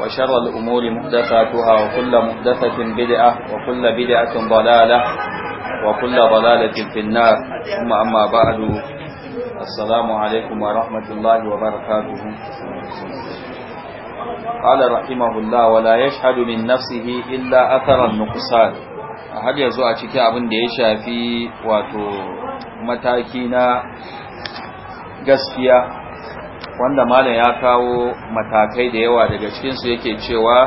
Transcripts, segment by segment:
وشر الأمور محدثاتها وكل محدثة بدعة وكل بدعة ضلالة وكل ضلالة في النار ثم أما بعد السلام عليكم ورحمة الله وبركاته قال رحمه الله ولا يشهد من نفسه إلا أثر النقصان هل يزوء cikin abin da ya shafi wato mataki na gaskiya wanda malam ya kawo matakai da yawa daga cikinsu yake cewa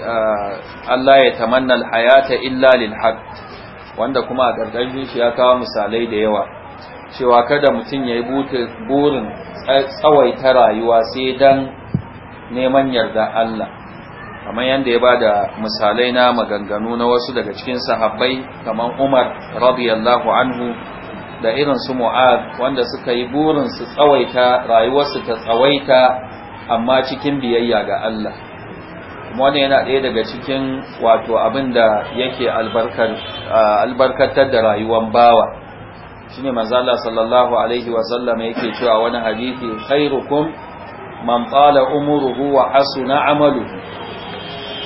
ah, Allah ya tamanna alhayata illa lil haq wanda kuma a gargajin shi ya kawo misalai da yawa cewa kada mutum ya yi burin tsawaita rayuwa sai dan neman yarda Allah kamar yadda ya ba da misalai na maganganu na wasu daga cikin sahabbai kamar Umar radiyallahu anhu da irin su mu'ad wanda suka yi burin su tsawaita rayuwarsu ta tsawaita amma cikin biyayya ga Allah kuma wannan yana ɗaya daga cikin wato abinda da yake albarkatar da rayuwar bawa shine manzo Allah sallallahu alaihi wa sallam yake cewa wani hadisi khairukum man qala umuruhu wa hasuna amaluhu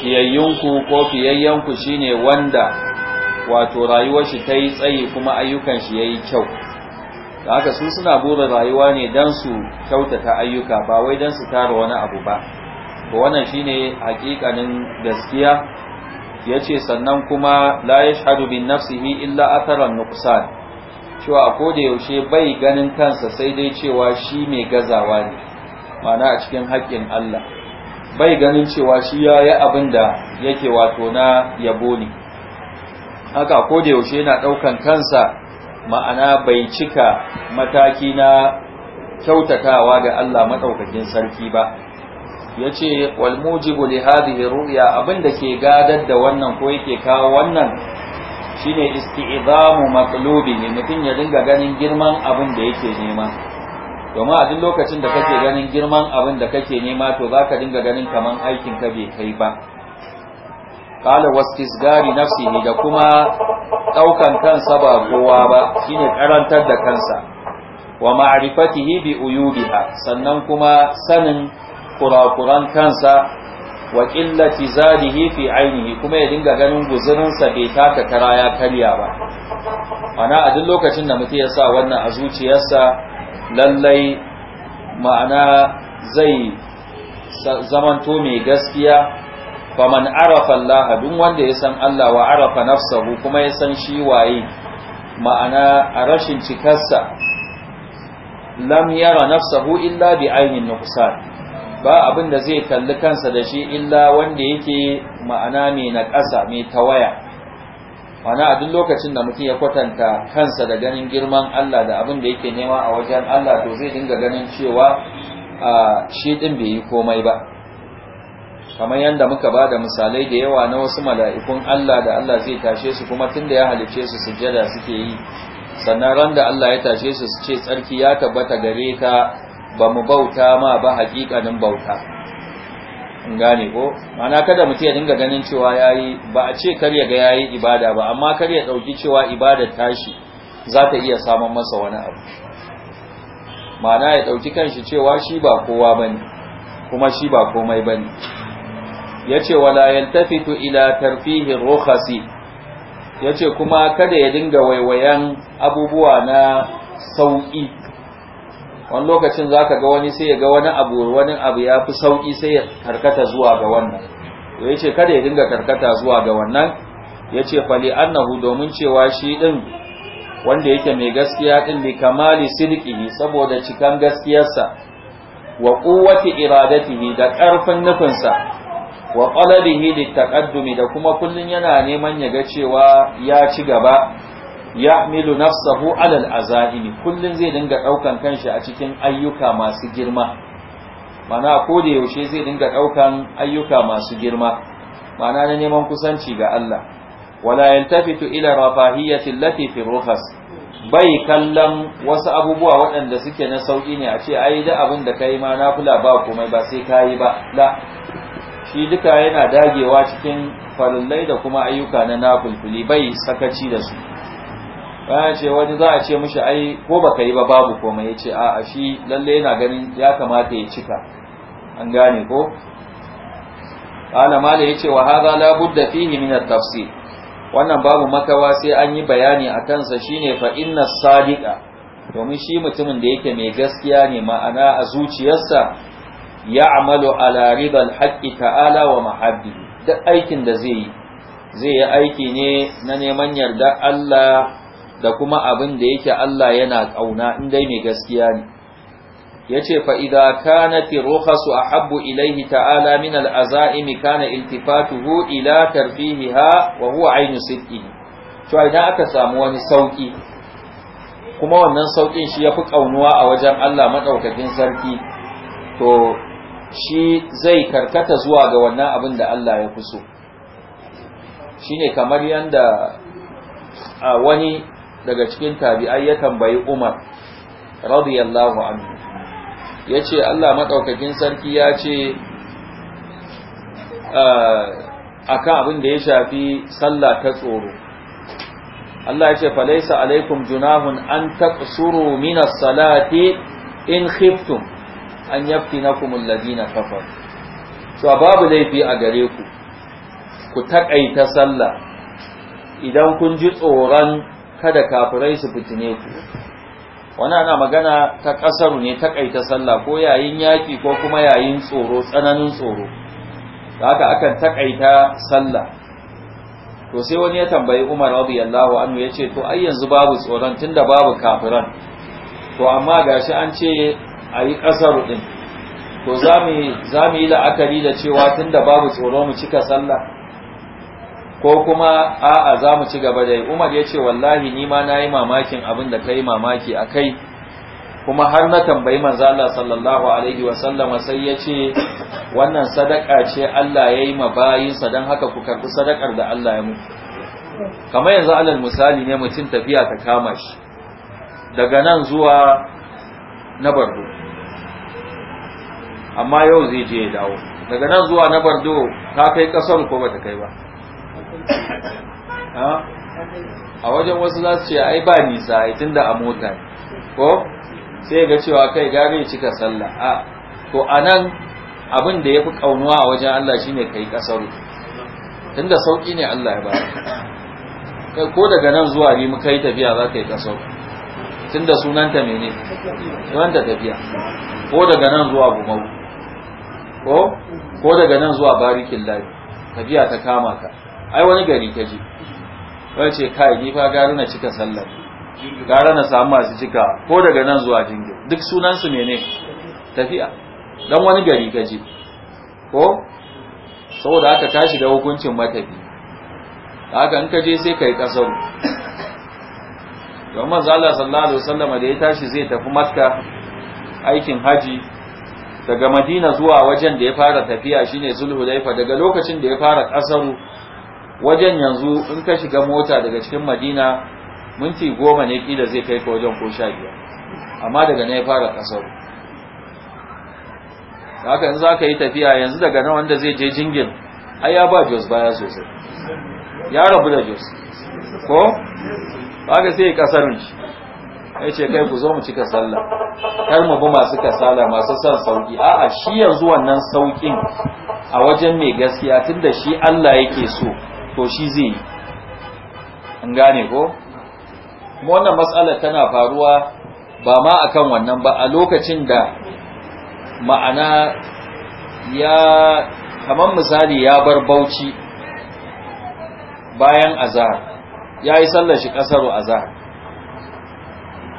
fiyayyunku ko fiyayyanku shine wanda wato rayuwar shi ta yi tsayi kuma ayyukan shi ya yi kyau da haka su suna burin rayuwa ne don su kyautata ayyuka ba wai don su tara wani abu ba Ba wannan shine hakikanin gaskiya ya ce sannan kuma la ya shahadu bin nafsihi illa atharan nuqsan cewa ko da yaushe bai ganin kansa sai dai cewa shi mai gazawa ne ma'ana a cikin haƙƙin Allah bai ganin cewa shi ya yi abin da yake wato na yabo ne haka ko da yaushe yana ɗaukan kansa ma'ana bai cika mataki na kyautatawa ga Allah maɗaukakin sarki ba yace wal mujibu li hadhihi ru'ya abinda ke gadar da wannan ko yake kawo wannan shine isti'zamu matlubi ne mutum ya dinga ganin girman abin da yake nema domin a duk lokacin da kake ganin girman abin da kake nema to zaka dinga ganin kaman aikin ka bai kai ba gari nafsi ne da kuma daukan kansa ba kowa ba shine karantar da kansa wa ma'rifatihi bi uyubiha sannan kuma sanin kurakuran kansa wa qillati zadihi fi ainihi kuma ya dinga ganin guzurinsa bai taka tara ya karya ba ana a duk lokacin da mutum ya sa wannan a zuciyarsa lallai ma'ana zai zamanto mai gaskiya faman arafa Allah duk wanda ya san Allah wa arafa nafsahu kuma ya san shi waye ma'ana a rashin cikarsa lam yara nafsahu illa bi ainin nuqsan ba abin da zai kalli kansa da shi illa wanda yake ma'ana mai na ƙasa mai tawaya ma'ana a duk lokacin da mutum ya kwatanta kansa da ganin girman Allah da abin da yake nema a wajen Allah to zai dinga ganin cewa shi din bai yi komai ba kamar yadda muka ba da misalai da yawa na wasu mala'ikun Allah da Allah zai tashe su kuma tun da ya halice su sujada suke yi sannan ran da Allah ya tashe su su ce tsarki ya tabbata gare ka ba mu bauta ma ba haƙiƙanin bauta in gane ko mana kada mutum ya dinga ganin cewa yi ba a ce kar ya ga yi ibada ba amma kar ya ɗauki cewa ibada tashi za ta iya samun masa wani abu mana ya ɗauki kanshi cewa shi ba kowa ba ne, kuma shi ba komai ba ne. yace wala yaltafitu ila tarfihi rukhasi yace kuma kada ya dinga waiwayan abubuwa na sauki wani lokacin zaka ga wani sai ya ga wani abu wani abu ya fi sauki sai ya karkata zuwa ga wannan to yace kada ya dinga karkata zuwa ga wannan yace fali annahu domin cewa shi din wanda yake mai gaskiya din bi kamali sidqihi saboda cikan gaskiyarsa wa quwwati iradatihi da ƙarfin nufinsa wa qalabihi litaqaddumi da kuma kullun yana neman ya ga cewa ya ci gaba ya'milu nafsahu alal azaimi kullun zai dinga daukan kanshi a cikin ayyuka masu girma mana ko da yaushe zai dinga daukan ayyuka masu girma mana na neman kusanci ga Allah wala yantafitu ila rafahiyati allati fi rukhas bai kallon wasu abubuwa waɗanda suke na sauƙi ne a ce ai da abin da kai ma nafila ba komai ba sai kayi ba la shi duka yana dagewa cikin farillai da kuma ayyuka na nafulfuli bai sakaci da su bayan ce wani za a ce mishi ai ko baka yi ba babu komai ya ce a shi lalle yana ganin ya kamata ya cika an gane ko alama da yace wa hadha la budda fihi min at-tafsir wannan babu makawa sai an yi bayani a kansa shine fa inna sadiqa domin shi mutumin da yake mai gaskiya ne ma'ana a zuciyarsa ya'malu ala ribal haqqi ta'ala wa mahabbihi duk aikin da zai yi zai yi aiki ne na neman yarda Allah da kuma abin da yake Allah yana kauna in dai mai gaskiya ne yace fa idza kanat rukhasu ahabbu ilayhi ta'ala min al-azaimi kana iltifatuhu ila tarfihiha wa huwa aynu sidqihi to idan aka samu wani sauki kuma wannan saukin shi ya fi ƙaunuwa a wajen Allah madaukakin sarki to shi zai karkata zuwa ga wannan abin da Allah ya kuso shine kamar yanda a wani daga cikin tabi'ai ya tambayi Umar radiyallahu anhu yace Allah madaukakin sarki ya ce akan abin da ya shafi sallah ta tsoro Allah ya ce falaisa alaikum junahun an taqsuru minas salati in khiftum an yafi na na alladina kafar cewa babu laifi a gare ku ku taƙaita sallah idan kun ji tsoron kada kafirai su fitine ku wani ana magana ta ƙasar ne takaita sallah ko yayin yaƙi ko kuma yayin tsoro tsananin tsoro da haka akan takaita sallah to sai wani ya tambayi Umar radiyallahu anhu yace to ai yanzu babu tsoron tunda babu kafiran to amma gashi an ce a yi ƙasar din to za mu yi la'akari da cewa tun da babu tsoro mu cika sallah ko kuma a'a za mu ci gaba da yi umar ya ce wallahi ni ma na yi mamakin abin da ka yi mamaki a kai kuma har na tambayi manzo Allah sallallahu alaihi wa sallama sai ya ce wannan sadaka ce Allah ya yi ma bayinsa don haka ku karɓi sadakar da Allah ya mu kamar yanzu alal misali ne mutum tafiya ta kama shi daga nan zuwa na bardo amma yau zai je ya dawo daga nan zuwa na bardo ta kai kasar ko bata kai ba a wajen wasu za su ce ai ba nisa ai tunda a mota ne ko sai ga cewa kai gare cika sallah a to anan abin da yafi kaunuwa a wajen Allah shine kai kasar tunda sauki ne Allah ya ba kai ko daga nan zuwa ne muka yi tafiya za ka yi kasar tunda sunanta menene sunanta tafiya ko daga nan zuwa gumau ko ko daga nan zuwa barikin lafi tafiya ta kama ka ai wani gari ka je wani ce kai ni fa gara na cika sallar Gari na samu masu cika ko daga nan zuwa jingir duk sunan su mene tafiya dan wani gari ka je ko saboda haka tashi shiga hukuncin matafi haka in ka je sai kai kasar ƙasar. manzo Allah sallallahu alaihi wasallam da ya tashi zai tafi Makka aikin haji daga madina zuwa wajen da ya fara tafiya shine zulhulaifa daga lokacin da ya fara kasaru wajen yanzu in ka shiga mota daga cikin madina minti goma ne kila zai kai ka wajen ko sha biyar amma daga na ya fara kasaru haka in za ka yi tafiya yanzu daga nan wanda zai je jingin ai ya ba jos baya sosai ya rabu da jos ko haka sai ya kasarun shi ya ce kai ku zo mu cika sallah kar mu bi masu kasala masu son sauki a'a shi yanzu wannan saukin a wajen mai gaskiya tunda shi Allah yake so to shi zai yi an gane ko kuma wannan matsalar tana faruwa ba ma akan wannan ba a lokacin da ma'ana ya kamar misali ya bar bauchi bayan azhar yayi yi sallar shi kasaro azhar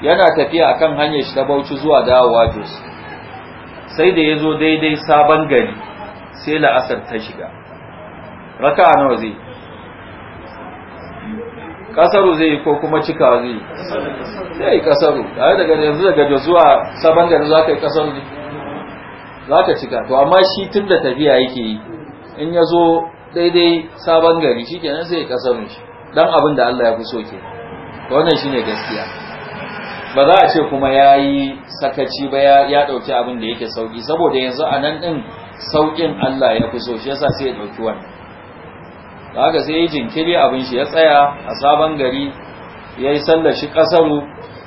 yana tafiya akan hanyar shi ta Bauchi zuwa dawowa Jos sai da yazo daidai sabon gari sai la'asar ta shiga raka'a nawa zai kasaru zai yi ko kuma cika zai yi sai yi kasaru tare daga yanzu daga Jos zuwa sabon gari za ka yi kasaru ne za ka cika to amma shi tun da tafiya yake yi in ya zo daidai sabon gari shi kenan sai yi kasaru shi dan abin da Allah ya fi so ke to wannan shine gaskiya ba za a ce kuma ya yi sakaci ba ya ɗauki abin da yake sauƙi saboda yanzu a nan ɗin sauƙin Allah ya fi so shi yasa sai ya ɗauki wannan Ba sai ya jinkiri abin shi ya tsaya a sabon gari ya yi sallar shi ƙasaru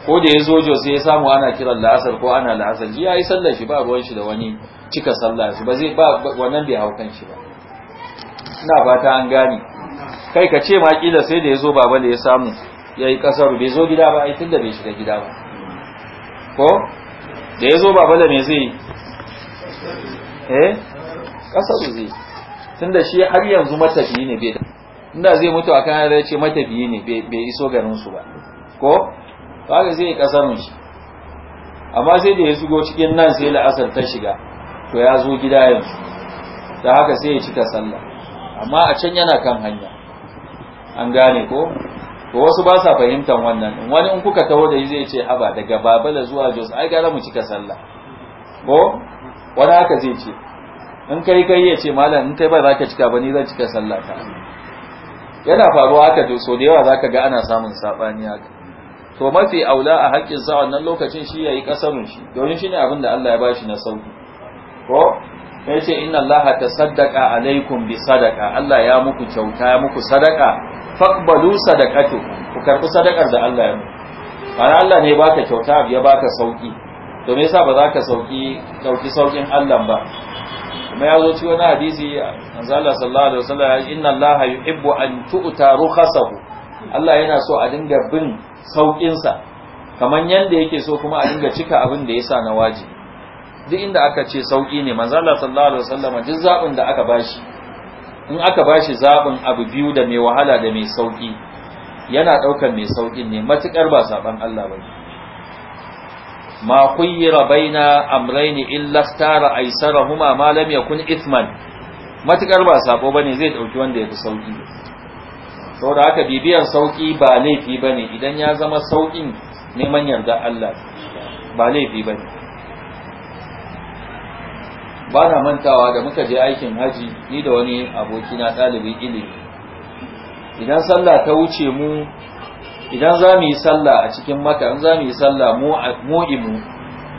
ko da ya zojo sai ya samu ana kiran la'asar ko ana la'asar ya yi sallar shi ba ruwan shi da wani cika sallar ba zai ba wannan bai hau kan shi ba ina fata an gane kai ka ce ma kila sai da ya zo baba da ya samu ya yi kasar bai zo gida ba ai tun da bai shiga gida ba ko da ya zo ba da me zai eh kasaru zai tun da shi har yanzu matafiye ne bai da inda zai mutu a kanar da ce matafiye ne bai iso ganinsu ba ko haka zai yi kasarun shi amma sai da ya zugo cikin nan sai la'asar ta shiga to ya zo gida yanzu da haka sai ya cika sallah amma a can yana kan hanya an gane ko to wasu ba sa fahimtar wannan wani in kuka taho da zai ce haba daga babala zuwa jos ai gara mu cika sallah ko wani haka zai ce in kai kai ya ce malam in kai ba za ka cika ba ni zan cika sallah ta yana faruwa haka to so da yawa za ka ga ana samun saɓani haka to mafi aula a haƙƙin sa wannan lokacin shi ya yi ƙasarun shi domin shi ne abin da Allah ya bashi na sauki ko ya ce inna Allah ta saddaka alaikum bi sadaka Allah ya muku kyauta ya muku sadaka faqbalu sadaqatu ku karbi sadakar da Allah ya muku ana Allah ne baka kyauta ya baka sauki to me yasa ba za ka sauki dauki saukin Allah ba kuma ya zo cewa na hadisi manzo Allah sallallahu alaihi wasallam inna Allah yuhibbu an tu'ta rukhasahu Allah yana so a dinga bin saukin sa kaman yanda yake so kuma a dinga cika abin da yasa na wajibi duk inda aka ce sauki ne manzo Allah sallallahu alaihi wasallam duk zabin da aka bashi in aka ba shi zaɓin abu biyu da mai wahala da mai sauƙi yana ɗaukar mai sauƙin ne matuƙar ba zaɓen Allah ba ne. ma rabai na khuyyira in amrayni a ikhtara aysarahuma ma ya kun ithman matuƙar ba ba ne zai ɗauki wanda ya fi sauƙi saboda haka bibiyar sauƙi ba laifi ba ne idan ya zama sauƙin neman yarda Allah ba laifi ba ne. ba na mantawa da muka je aikin haji ni da wani aboki na ɗalibin ilimi idan sallah ta wuce mu idan za mu yi sallah a cikin maka in za mu yi sallah mu imu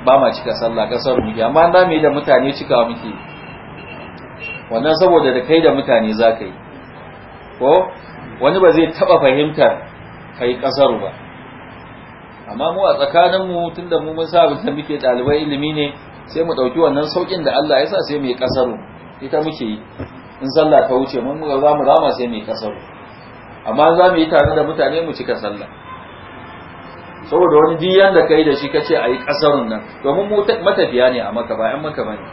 ba ma cika sallah ƙasar muke amma za mu yi da mutane cika muke wannan saboda da kai da mutane za ka yi ko wani ba zai taɓa fahimtar kai ƙasar ba amma mu a tsakaninmu tunda mu mun sa da muke ɗalibai ilimi ne sai mu ɗauki wannan saukin da Allah ya sa sai mu yi ita muke yi in sallah ta wuce mun ga za mu rama sai mu yi amma za mu yi tare da mutane mu cika sallah saboda wani diyan da kai da shi kace ayi yi ƙasarun nan domin mu matafiya ne a maka ba maka bane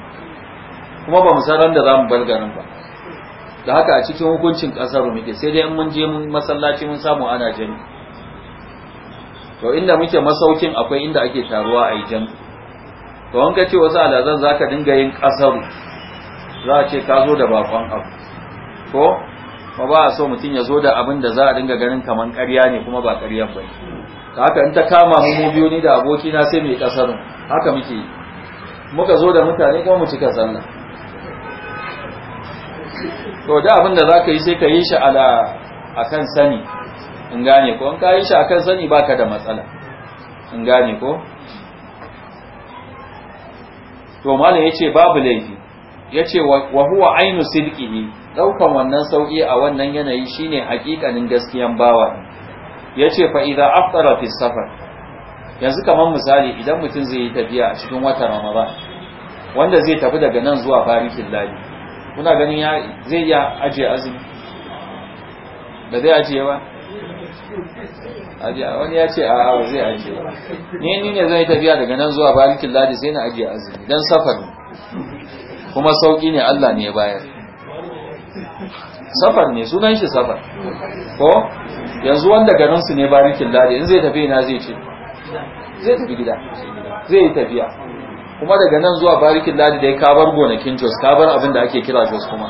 kuma ba mu san randa da za mu bar garin ba da haka a cikin hukuncin kasaru muke sai dai in mun je mun masallaci mun samu ana jami'i to inda muke masaukin akwai inda ake taruwa a yi to an ka ce wasu alazan za ka dinga yin ƙasaru za a ce ka zo da bakon abu ko ma ba a so mutum ya zo da abin da za a dinga ganin kamar ƙarya ne kuma ba ƙaryan ba haka in ta kama mu biyu ni da abokina sai mai ƙasarun haka muke yi muka zo da mutane kuma mu cika sallah to da abin da za ka yi sai ka yi shi ala akan sani in gane ko in ka yi shi akan sani baka da matsala in gane ko to malam yace babu laifi yace wa huwa ainu sidqihi daukan wannan sauki a wannan yanayi shine hakikanin gaskiyan bawa yace fa idza aftara fi safar yanzu kaman misali idan mutum zai yi tafiya a cikin watan ramadan wanda zai tafi daga nan zuwa barikin ladi kuna ganin ya zai ya aje azumi ba zai aje ba ajiya wani ya ce a ba zai ajiye ba ni ni ne zai tafiya daga nan zuwa barikin ladi sai na ajiye azumi dan safar kuma sauki ne Allah ne bayar safar ne sunan shi safar ko yanzu wanda garin su ne barikin ladi in zai tafi ina zai ce zai tafi gida zai yi tafiya kuma daga nan zuwa barikin ladi da ya kabar gonakin jos kabar abin da ake kira jos kuma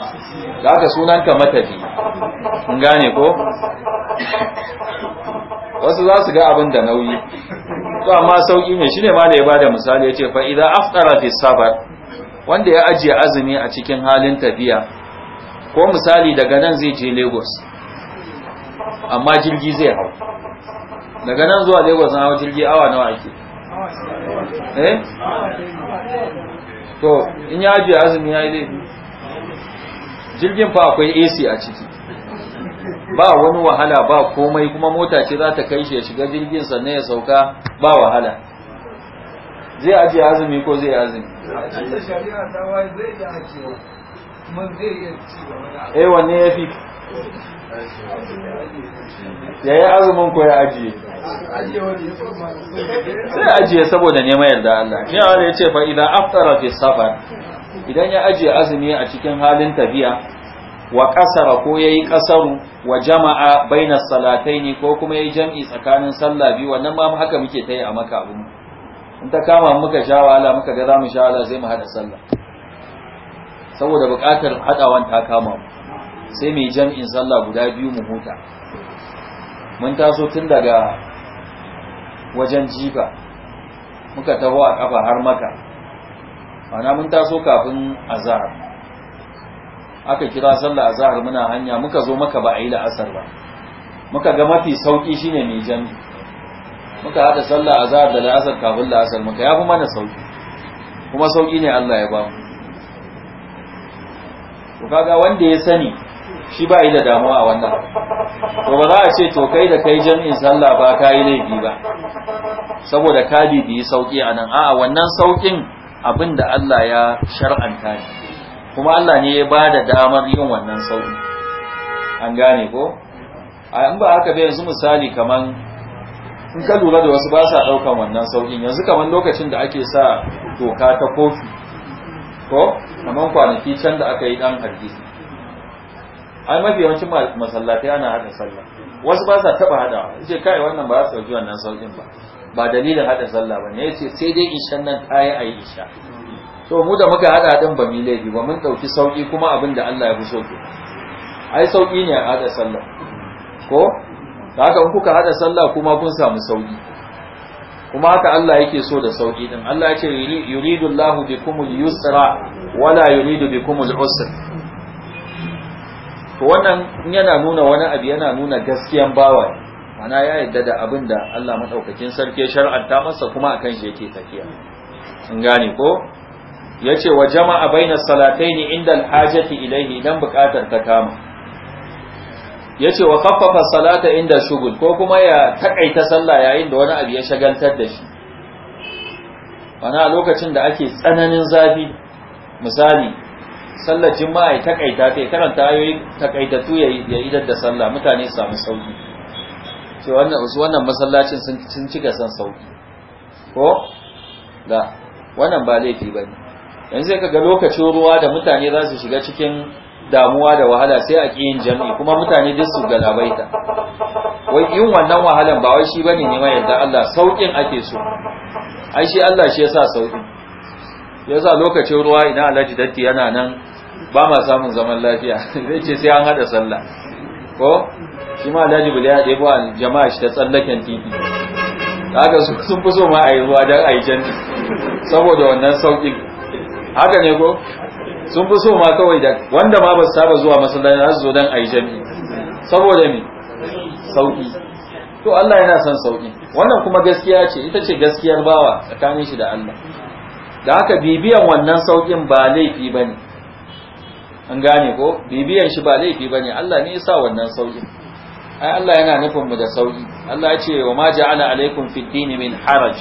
da aka ka matafi mun gane ko wasu za su ga abin da nauyi to amma sauki ne shine ma da ya bada misali yace fa idza aftara fi safar wanda ya ajiye azumi a cikin halin tafiya ko misali daga nan zai je Lagos amma jirgi zai hau daga nan zuwa Lagos na jirgi awa nawa ake Eh? to in ya ajiye azumi ya yi laifi jirgin fa akwai ac a ciki ba wani wahala ba komai kuma mota ce za ta kai shi ya shiga jirgin sa sannan ya sauka ba wahala zai ajiye azumi ko zai azumi eh wanne ya fi ya yi azumin ko ya ajiye sai ajiye saboda neman yarda Allah shi ya ce fa idan aftara fi safar idan ya ajiye azumi a cikin halin tafiya wa kasara ko yi kasaru wa jama'a salatai ne ko kuma ya yi jam'i tsakanin sallah biyu wannan ma haka muke ta yi a maka abu in ta kama muka sha wahala muka ga mu sha wahala zai mu hada sallah saboda bukatar hadawan ta kama mu sai mai jam'in sallah guda biyu mu huta mun taso tun daga wajen jifa muka taho a kafa har maka ana mun taso kafin azahar aka kira sallah azahar muna hanya muka zo maka ba a yi la'asar ba muka ga mafi sauki shine mai jami muka haɗa sallah azahar da la'asar kafin la'asar muka ya fi mana sauki kuma sauki ne Allah ya ba mu to kaga wanda ya sani shi ba yi da damuwa a wannan to ba za a ce to kai da kai jami'in sallah ba ka yi laifi ba saboda ka bibiyi sauki a nan a'a wannan saukin abin da Allah ya shar'anta ne kuma Allah ne ya ba da damar yin wannan sauki an gane ko a in ba haka bai yanzu misali kaman in ka lura da wasu ba sa ɗaukan wannan saukin yanzu kaman lokacin da ake sa doka ta kofi ko kaman kwanaki can da aka yi ɗan hargitsi ai mafi yawancin masallatai ana haɗa sallah wasu ba sa taɓa haɗawa yace kai wannan ba za su ɗauki wannan saukin ba ba dalilin haɗa sallah ba ne yace sai dai ishan nan ta yi to mu da muka haɗa din ba mu laifi ba mun ɗauki sauki kuma abin da Allah ya fi so ke ai sauƙi ne a haɗa sallah ko haka in kuka haɗa sallah kuma kun samu sauƙi kuma haka Allah yake so da sauki din Allah ya ce yuridu Allahu bikumul yusra wala yuridu bikumul usra to wannan in yana nuna wani abu yana nuna gaskiyan bawa ne mana ya yadda da abin da Allah madaukakin sarki ya shar'anta masa kuma akan shi yake tafiya in gane ko yace wa jama'a bainas salataini inda al ilaihi ilayhi idan bukatar ta kama yace wa khaffafa salata inda shugul ko kuma ya takaita sallah yayin da wani abu ya shagaltar da shi mana lokacin da ake tsananin zafi misali sallar juma'a ya takaita ta yi karanta ayoyi takaitattu ya idar da sallah mutane su samu sauki ce wannan su wannan masallacin sun ci gasan sauki ko da wannan ba laifi bane yanzu sai kaga lokacin ruwa da mutane za su shiga cikin damuwa da wahala sai a kiyin jami'i kuma mutane duk su galabaita wai yin wannan wahalan ba wai shi bane ne ma yadda Allah saukin ake so ai shi Allah shi ya sa sauki yasa lokacin ruwa ina alhaji datti yana nan ba ma samun zaman lafiya zai ce sai an hada sallah ko shi ma alhaji bude ya ɗebo a jama'a shi ta tsallaken titi haka sun fi so ma a yi ruwa don a yi canji saboda wannan sauƙin haka ne ko sun fi so ma kawai da wanda ma ba su saba zuwa masallaci za su zo don a yi canji saboda me sauƙi to Allah yana son sauƙi wannan kuma gaskiya ce ita ce gaskiyar bawa tsakanin shi da Allah da haka bibiyan wannan saukin ba laifi ba ne an gane ko bibiyan shi ba laifi ba ne Allah ne ya sa wannan saukin ai Allah yana nufin mu da sauki Allah ya ce wa ma ja'ala alaikum fid din min haraj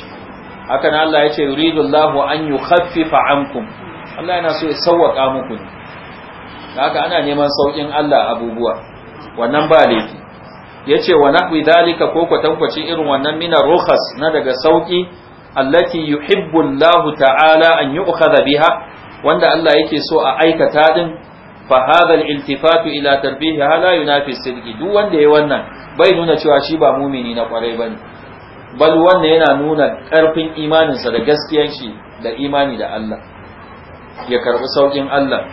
haka nan Allah ya ce yuridu Allahu an yukhaffifa ankum Allah yana so ya sauwaka muku ne haka ana neman saukin Allah abubuwa wannan ba laifi yace wa nahwi dalika ko kwatankwacin irin wannan mina rukhas na daga sauki allati yuhibbu ta'ala an yu'khadha biha wanda Allah yake so a aikata din fa hadha iltifatu ila tarbihi la yunafi sidqi duk wanda yayi wannan bai nuna cewa shi ba mumini na kwarai bane bal wannan yana nuna karfin imaninsa da gaskiyar shi da imani da Allah ya karɓi sauƙin Allah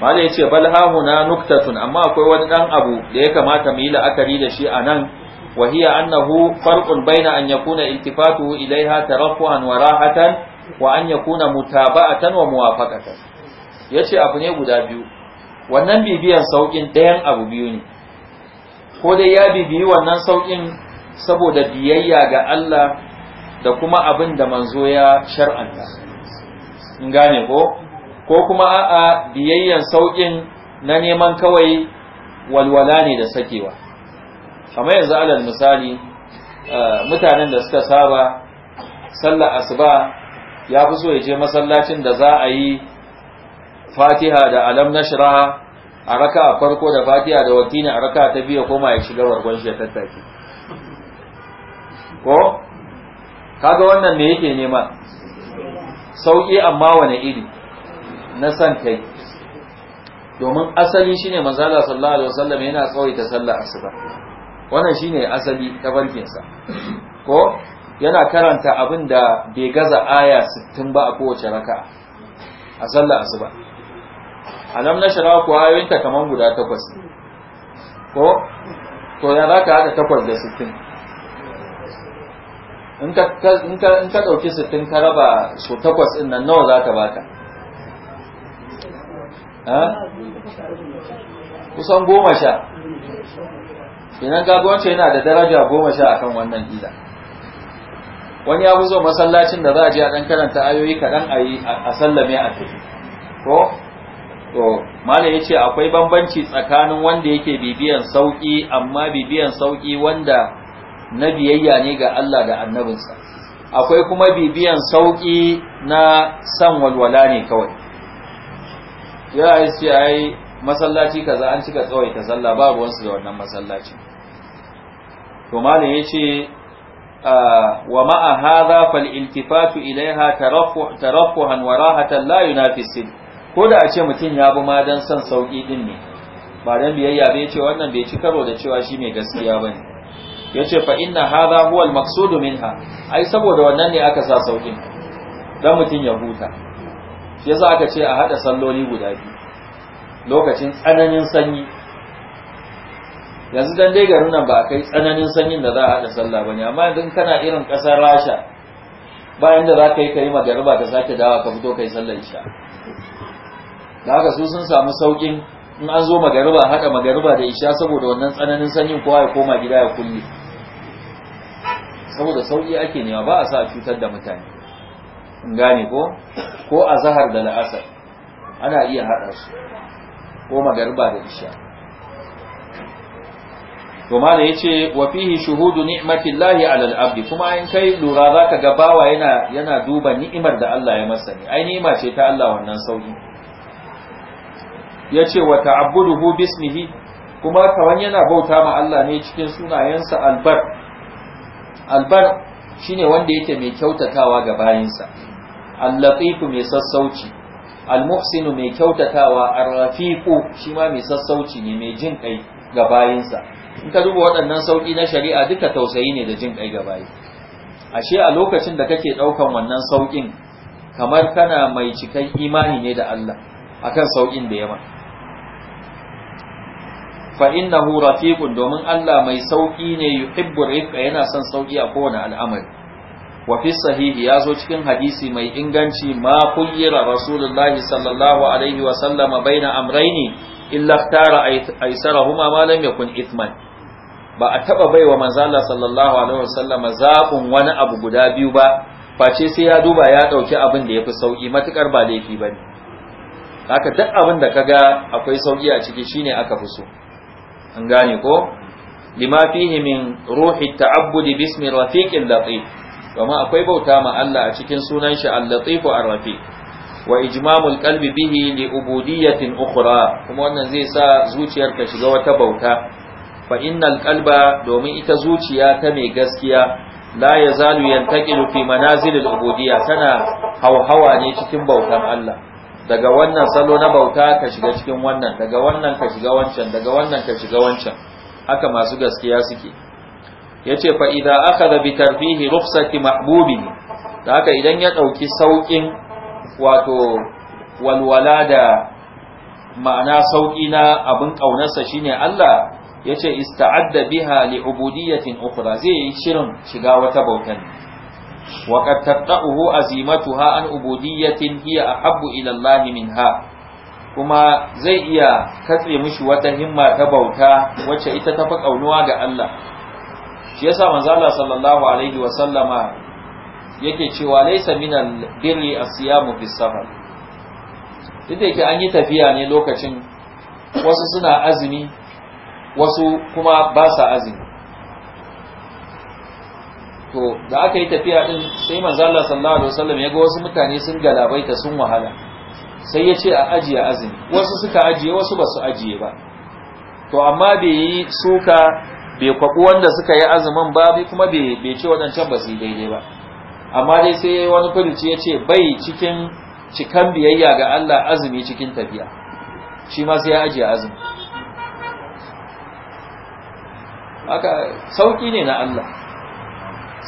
mala yace bal hahuna nuktatun amma akwai wani ɗan abu da ya kamata mu yi la'akari da shi a nan? وهي أنه فرق بين أن يكون التفاته إليها ترفعا وراحة وأن يكون متابعة وموافقة yace abu ne guda biyu wannan bibiyan sauƙin ɗayan abu biyu ne ko dai ya bibiyi wannan sauƙin saboda biyayya ga Allah da kuma abin da manzo ya shar'anta in gane ko ko kuma a'a biyayyan sauƙin na neman kawai walwala ne da sakewa kamar yanzu alal misali eh, mutanen da suka saba sallar asuba ya fi so ya je masallacin da za a yi fatiha da alam nashraha a raka a farko da fatiha da watini a raka ta biyu koma ya shiga wargon shi ya tattaki ko kaga wannan me yake nema sauki amma wane iri na san kai domin asali shine manzala sallallahu alaihi wasallam yana tsawaita sallar asuba wannan shine asali tafarkinsa ko yana karanta abin da bai gaza aya 60 ba a kowace raka a sallar asuba a nan na shara ko ayoyinta kamar guda takwas ko to ya raka ka haɗa takwas da 60 in ka ɗauki 60 ka raba so takwas ɗin nan nawa za ta baka kusan goma sha kenan gaga wace yana da daraja goma sha akan wannan ida wani ya zo masallacin da za a je a dan karanta ayoyi kaɗan a yi a sallame a tafi ko to malam ya ce akwai bambanci tsakanin wanda yake bibiyan sauƙi amma bibiyan sauƙi wanda na biyayya ne ga Allah da annabinsa akwai kuma bibiyan sauƙi na san walwala ne kawai ya sai ai masallaci kaza an cika tsawaita sallah ba ruwansu da wannan masallacin. to malam yace ah, wa ma'a hadha fal iltifatu ilaiha tarafu tarafuhan wa rahatan la yunafisin ko da a ce mutum ya bi ma son sauki din ne ba dan biyayya ba yace wannan bai ci karo da cewa shi mai gaskiya ba bane yace fa inna hadha huwa al maqsud minha ai saboda wannan ne aka sa sauƙin. dan mutum ya huta shi yasa aka ce a haɗa salloli guda biyu lokacin tsananin sanyi yanzu dan dai garin nan ba kai tsananin sanyin da za a haɗa sallah ba ne, amma yanzu kana irin ƙasar rasha bayan da za ka yi kai magariba ta sake dawa ka fito kai sallar isha da haka su sun samu saukin in an zo magariba haɗa magariba da isha saboda wannan tsananin sanyin kowa ya koma gida ya kulle saboda sauki ake nema ba a sa a cutar da mutane in gane ko ko a da la'asar ana iya haɗa su ko magariba da isha to ya ce, wa fihi shuhudu ni'matillahi 'alal abdi kuma in kai lura zaka ga bawa yana yana duba ni'imar da Allah ya masa ne ai ni'ima ce ta Allah wannan sauki yace wa ta'abbuduhu bismihi kuma kawan yana bauta ma Allah ne cikin sunayensa albar albar shine wanda yake mai kyautatawa ga bayinsa al-latifu mai sassauci al-muhsinu mai kyautatawa ar-rafiqu shi ma mai sassauci ne mai jin kai ga bayinsa in ka duba waɗannan sauƙi na shari'a duka tausayi ne da jin kai ga bayi ashe a lokacin da kake ɗaukan wannan sauƙin kamar kana mai cikan imani ne da Allah akan sauƙin da yawa fa innahu rafiqun domin Allah mai sauƙi ne yuhibbu rifqa yana son sauƙi a kowane al'amari wa fi sahihi ya zo cikin hadisi mai inganci ma kuyyira rasulullahi sallallahu alaihi wa sallama baina amrayni illa tara aisarahuma ma lam yakun ithman ba a taba baiwa manzo Allah sallallahu alaihi wasallam zaɓin wani abu guda biyu ba face sai ya duba ya dauki abin da yafi sauki matukar ba laifi bane haka duk abin da kaga akwai sauki a ciki shine aka fi so an gane ko lima fihi min ruhi ta'abbudi bismi rafiqil latif kuma akwai bauta ma Allah a cikin sunan shi al-latif ar-rafiq wa ijmamul kalbi bihi li ubudiyyatin ukhra kuma wannan zai sa zuciyar ka shiga wata bauta fa innal qalba domin ita zuciya ta mai gaskiya la yazalu yantaqilu fi manazilil ubudiyya tana hauhawa ne cikin bautan Allah daga wannan salo na bauta ka shiga cikin wannan daga wannan ka shiga wancan daga wannan ka shiga wancan haka masu gaskiya suke yace fa idza akhadha bi tarfihi rukhsati mahbubi da haka idan ya dauki saukin wato walwala da ma'ana sauƙi na abin ƙaunarsa shine Allah ya ce ista'adda biha li ubudiyyatin ukhra zai yi shirin shiga wata bautan wa qad taqta'uhu azimatuha an ubudiyyatin hiya ahabbu ila Allah minha kuma zai iya katse mishi wata himma ta bauta wacce ita tafi kaunuwa ga Allah shi yasa manzo Allah sallallahu alaihi wa sallama yake cewa laisa minal birri asiyamu bis safar duk da yake an yi tafiya ne lokacin wasu suna azumi wasu kuma ba sa azumi to da aka yi tafiya din sai manzala sallallahu alaihi wasallam ya ga wasu mutane sun galabaita sun wahala sai ya ce a ajiye azumi wasu suka ajiye wasu ba su ajiye ba to amma bai yi suka bai kwabu wanda suka yi azumin ba kuma bai ce waɗancan ba su yi daidai ba amma dai sai wani wani ya ce bai cikin cikan biyayya ga Allah azumi cikin tafiya shi ma sai ya ajiye azumi haka sauki ne na Allah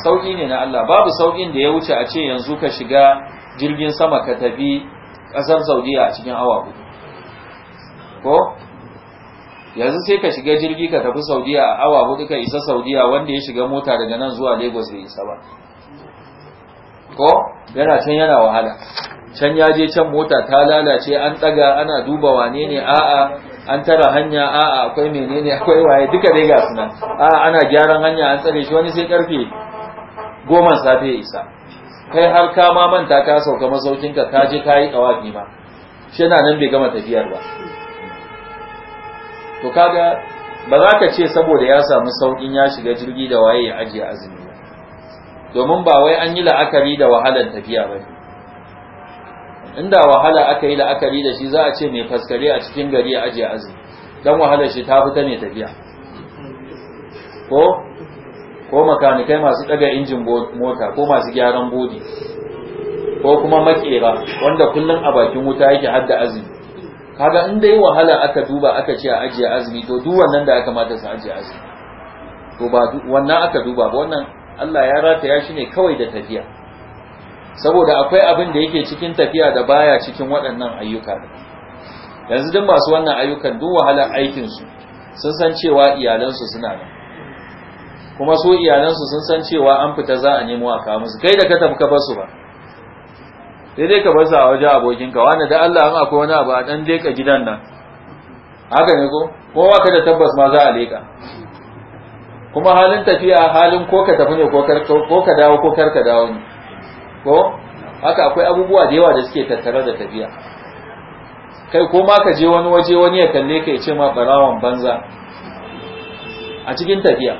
sauki ne na Allah babu saukin da ya wuce a ce yanzu ka shiga jirgin sama ka tafi kasar Saudiya a cikin awa hudu ko yanzu sai ka shiga jirgi ka tafi Saudiya a awa hudu ka isa Saudiya wanda ya shiga mota daga nan zuwa Lagos bai isa ba ko yana can yana wahala can ya je can mota ta lalace an tsaga ana duba wane ne a'a an tara hanya a'a akwai menene akwai waye duka dai gasu nan a'a ana gyaran hanya an tsare shi wani sai karfe goma safe ya isa kai har ka ma manta ka sauka masaukin ka ka je kayi kawafi ma shi yana nan bai gama tafiyar ba to kaga ba za ka ce saboda ya samu saukin ya shiga jirgi da waye ya ajiye azumi domin ba wai an yi la'akari da wahalar tafiya ba inda wahala aka yi la'akari da shi za a ce mai faskare a cikin gari a ajiye azumi don wahalar shi ta fita ne tafiya ko ko makanikai masu daga injin mota ko masu gyaran bodi ko kuma makera wanda kullum a bakin wuta yake hadda azumi kaga in dai wahala aka duba aka ce a ajiye azumi to duk wannan da ya kamata su ajiye azumi to ba wannan aka duba ba wannan Allah ya rataya shi ne kawai da tafiya saboda akwai abin da yake cikin tafiya da baya cikin waɗannan ayyuka yanzu duk masu wannan ayyukan duk wahalar aikinsu sun san cewa iyalansu suna nan kuma su iyalansu sun san cewa an fita za a nemo a kawo musu kai da ka tafi ka basu ba sai dai ka su a wajen abokinka wanda da Allah an akwai wani abu a ɗan leƙa gidan nan haka ne ko kowa ka da tabbas ma za a leƙa kuma halin tafiya halin ko ka tafi ne ko ka dawo ko kar ka dawo ne ko haka akwai abubuwa da yawa da suke tattare da tafiya kai ko ma ka je wani waje wani ya kalle ka ya ce ma barawan banza a cikin tafiya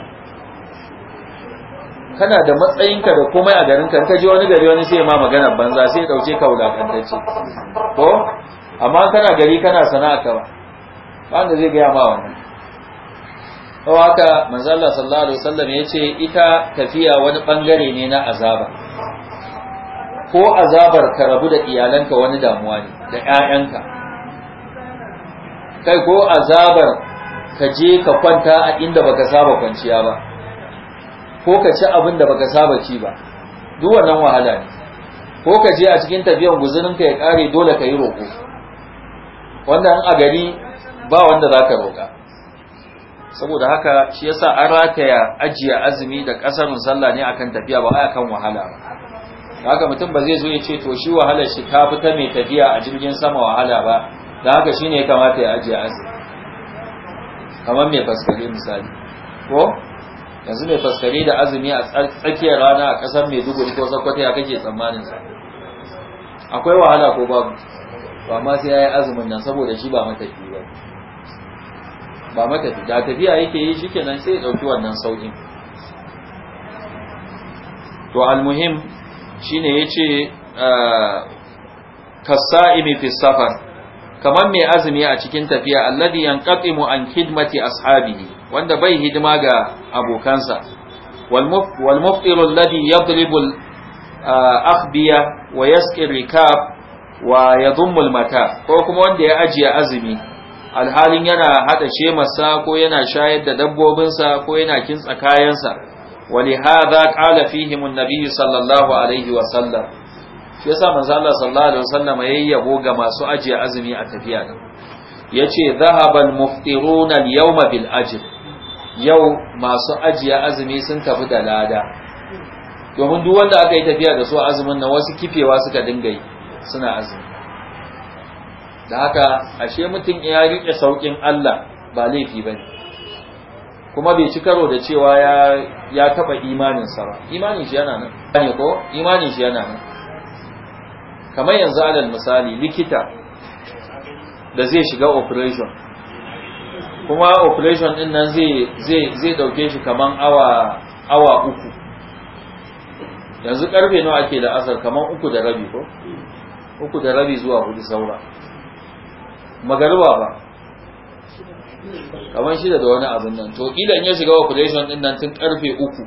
kana da matsayinka da komai a garin ka je wani gari wani sai ma magana banza sai dauke ka wulakantacce ko amma kana gari kana sana'a ka ba ba zai gaya ma wannan ko haka sallallahu alaihi wasallam yace ita tafiya wani bangare ne na azaba ko azabar ka rabu da iyalanka wani damuwa ne da ƴaƴanka kai ko azabar ka je ka kwanta a inda baka saba kwanciya ba ko ka ci abin da baka saba ci ba duk wannan wahala ne ko ka je a cikin tafiyan guzurinka ya kare dole ka yi roƙo wanda a gari ba wanda za ka roƙa saboda haka shi yasa an rataya ajiya azumi da kasarun musalla ne akan tafiya ba akan wahala ba haka mutum ba zai zo ya ce to shi wahalar shi ta fita mai tafiya a jirgin sama wahala ba da haka shine ya kamata ya ajiye azumi kamar mai faskare misali ko yanzu mai faskare da azumi a tsakiyar rana a kasar maiduguri ko sakwata ya kake tsammanin sa akwai wahala ko babu ba ma sai ya yi azumin nan saboda shi ba matafi ba ba matafi da tafiya yake yi shikenan sai ya dauki wannan saukin to almuhim shine yace ah, kasa'imi fi safar kamar mai azumi a cikin tafiya alladhi yanqatimu an khidmati ashabihi wanda bai hidima ga abokansa wal muftiru alladhi yadribu akhbiya wa yasqi rikab wa yadhummu al mata ko kuma wanda ya ajiye azumi alhalin yana hada shemarsa ko yana shayar da dabbobinsa ko yana kintsa kayansa wali hadha qala fihim an-nabiy sallallahu alaihi wa sallam shi yasa manzo Allah sallallahu alaihi wa sallam yayi yabo ga masu ajiye azumi a tafiya da yace dhahaba muftiruna al-yawma bil ajr yau masu ajiye azumi sun tafi da lada domin duk wanda aka yi tafiya da su azumin nan wasu kifewa suka dinga yi suna azumi da haka ashe mutum ya riƙe sauƙin Allah ba laifi bane kuma bai ci karo da cewa ya ya taba imanin sa ba imanin shi yana nan ne ko imanin shi yana nan kamar yanzu alal misali likita da zai shiga operation kuma operation din nan zai zai zai dauke shi kaman awa awa uku yanzu karfe nawa ake da asar kaman uku da rabi ko uku da rabi zuwa hudu saura magariba ba kamar shida da wani abin nan to idan ya shiga operation din nan tun karfe uku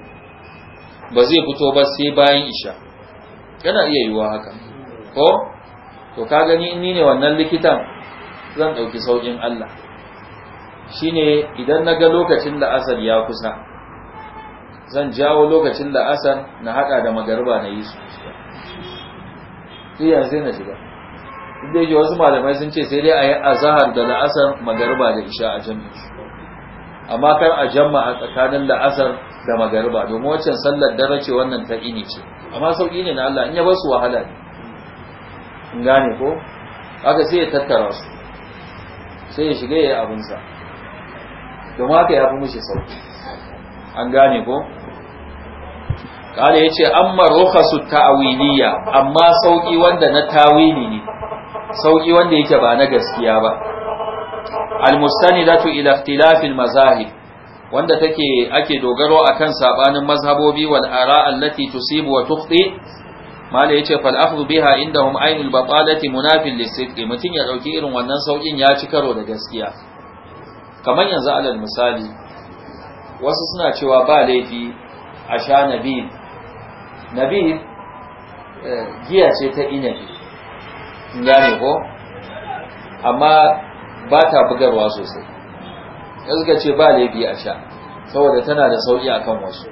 ba zai fito ba sai bayan isha yana iya yiwuwa haka ko to ka gani ni ne wannan likitan zan ɗauki sauƙin Allah shine idan na ga lokacin la'asar ya kusa zan jawo lokacin la'asar na haɗa da magariba na yi su yanzu na shiga inda yake wasu malamai sun ce sai dai a yi azahar da la'asar magariba da isha a jami'i amma kar a jamma a tsakanin la'asar da magariba domin waccan sallar dare ce wannan ta ini ce amma sauƙi ne na Allah in ya basu wahala ne in gane ko haka sai ya tattara su sai ya shiga ya yi abinsa domin haka ya fi mushi sauƙi an gane ko kala ya ce amma rukasu ta'awiliya amma sauƙi wanda na tawili ne sauki wanda yake ba na gaskiya ba almustanidatu ila ikhtilafil mazahib wanda take ake dogaro akan sabanin mazhabobi wal ara allati tusibu wa tukhti mala yace fal akhdhu biha indahum ainul batalati munafil lisidqi mutun ya dauki irin wannan saukin ya ci karo da gaskiya kamar yanzu alal misali wasu suna cewa ba laifi a sha nabi nabi eh, giya ce ta inabi gane ko amma ba ta bugarwa sosai ya suka ce ba laifi a sha saboda tana da sauki kan wasu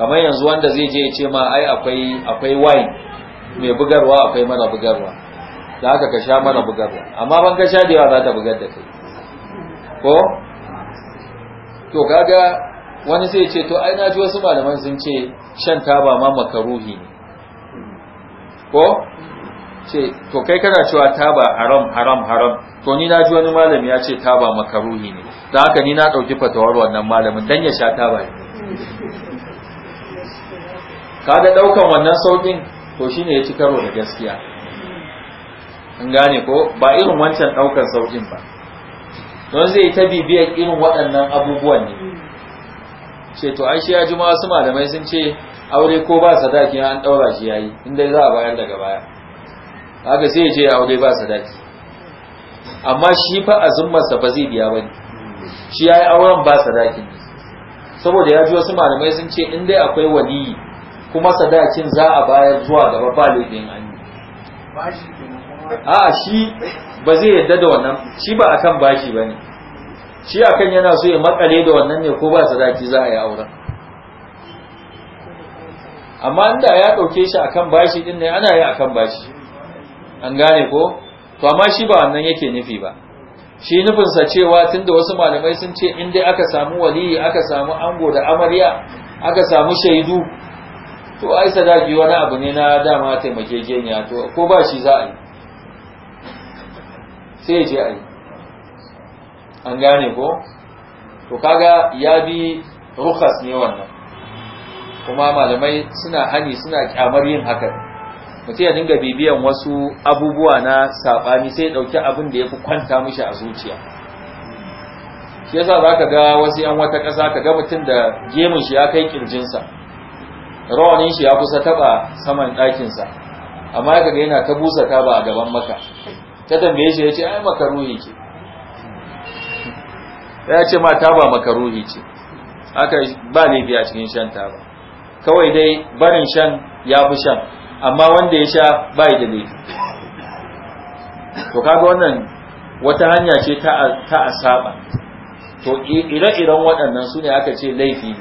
kamar yanzu wanda zai je ya ce ma ai akwai akwai wine mai bugarwa akwai mara bugarwa da aka ka sha mara bugarwa amma ban ka sha da yawa za ta bugar da kai ko to kaga wani sai ce to ai ji wasu malaman sun ce shan taba ma makaruhi ne ko ce to kai kana cewa taba haram haram haram to ni na ji wani malami ya ce taba makaruhi ne don haka ni na ɗauki fatawar wannan malamin dan ya sha taba ne da daukan wannan sauƙin to shine ya ci karo da gaskiya in gane ko ba irin wancan ɗaukan saukin ba don zai ta bibiyar irin waɗannan abubuwan ne ce to ai shi ya ji wasu malamai sun ce aure ko ba sadaki an ɗaura shi yayi in dai za a bayar daga baya haka sai ya je aure ba sadaki amma shi fa azummarsa ba zai biya bane shi ya yi auren ba sadakin saboda ya ji wasu malamai sun ce in dai akwai waliyi kuma sadakin za a bayar zuwa gaba ba laifin an a shi ba zai yadda da wannan shi ba akan bashi ba ne. shi akan yana so ya makale da wannan ne ko ba sadaki za a yi auren amma inda ya ɗauke shi akan bashi din ne ana yi akan bashi an gane ko to amma shi ba wannan yake nufi ba shi nufin sa cewa tunda wasu malamai sun ce in dai aka samu waliyi aka samu ango da amarya aka samu shaidu to ai sadaki wani abu ne na dama taimakekeniya to ko ba shi za a yi sai je a yi an gane ko to kaga ya bi rukas ne wannan kuma malamai suna hani suna kyamar yin hakan mutum ya dinga bibiyan wasu abubuwa na saɓani sai ɗauki abin da ya fi kwanta mishi a zuciya shi yasa za ka ga wasu yan wata ƙasa ka ga mutum da gemun shi ya kai ƙirjinsa rawanin shi ya kusa taɓa saman ɗakinsa amma ya ga yana ta busa ta ba a gaban maka ta tambaye shi ya ce ai makaruhi ce ya ce ma ta ba makaruhi ce aka ba laifi a cikin shan ta ba kawai dai barin shan ya fi shan amma wanda ya sha ya da laifi to kaga wannan wata hanya ce ta ta asaba to ire-iren waɗannan su ne aka ce laifi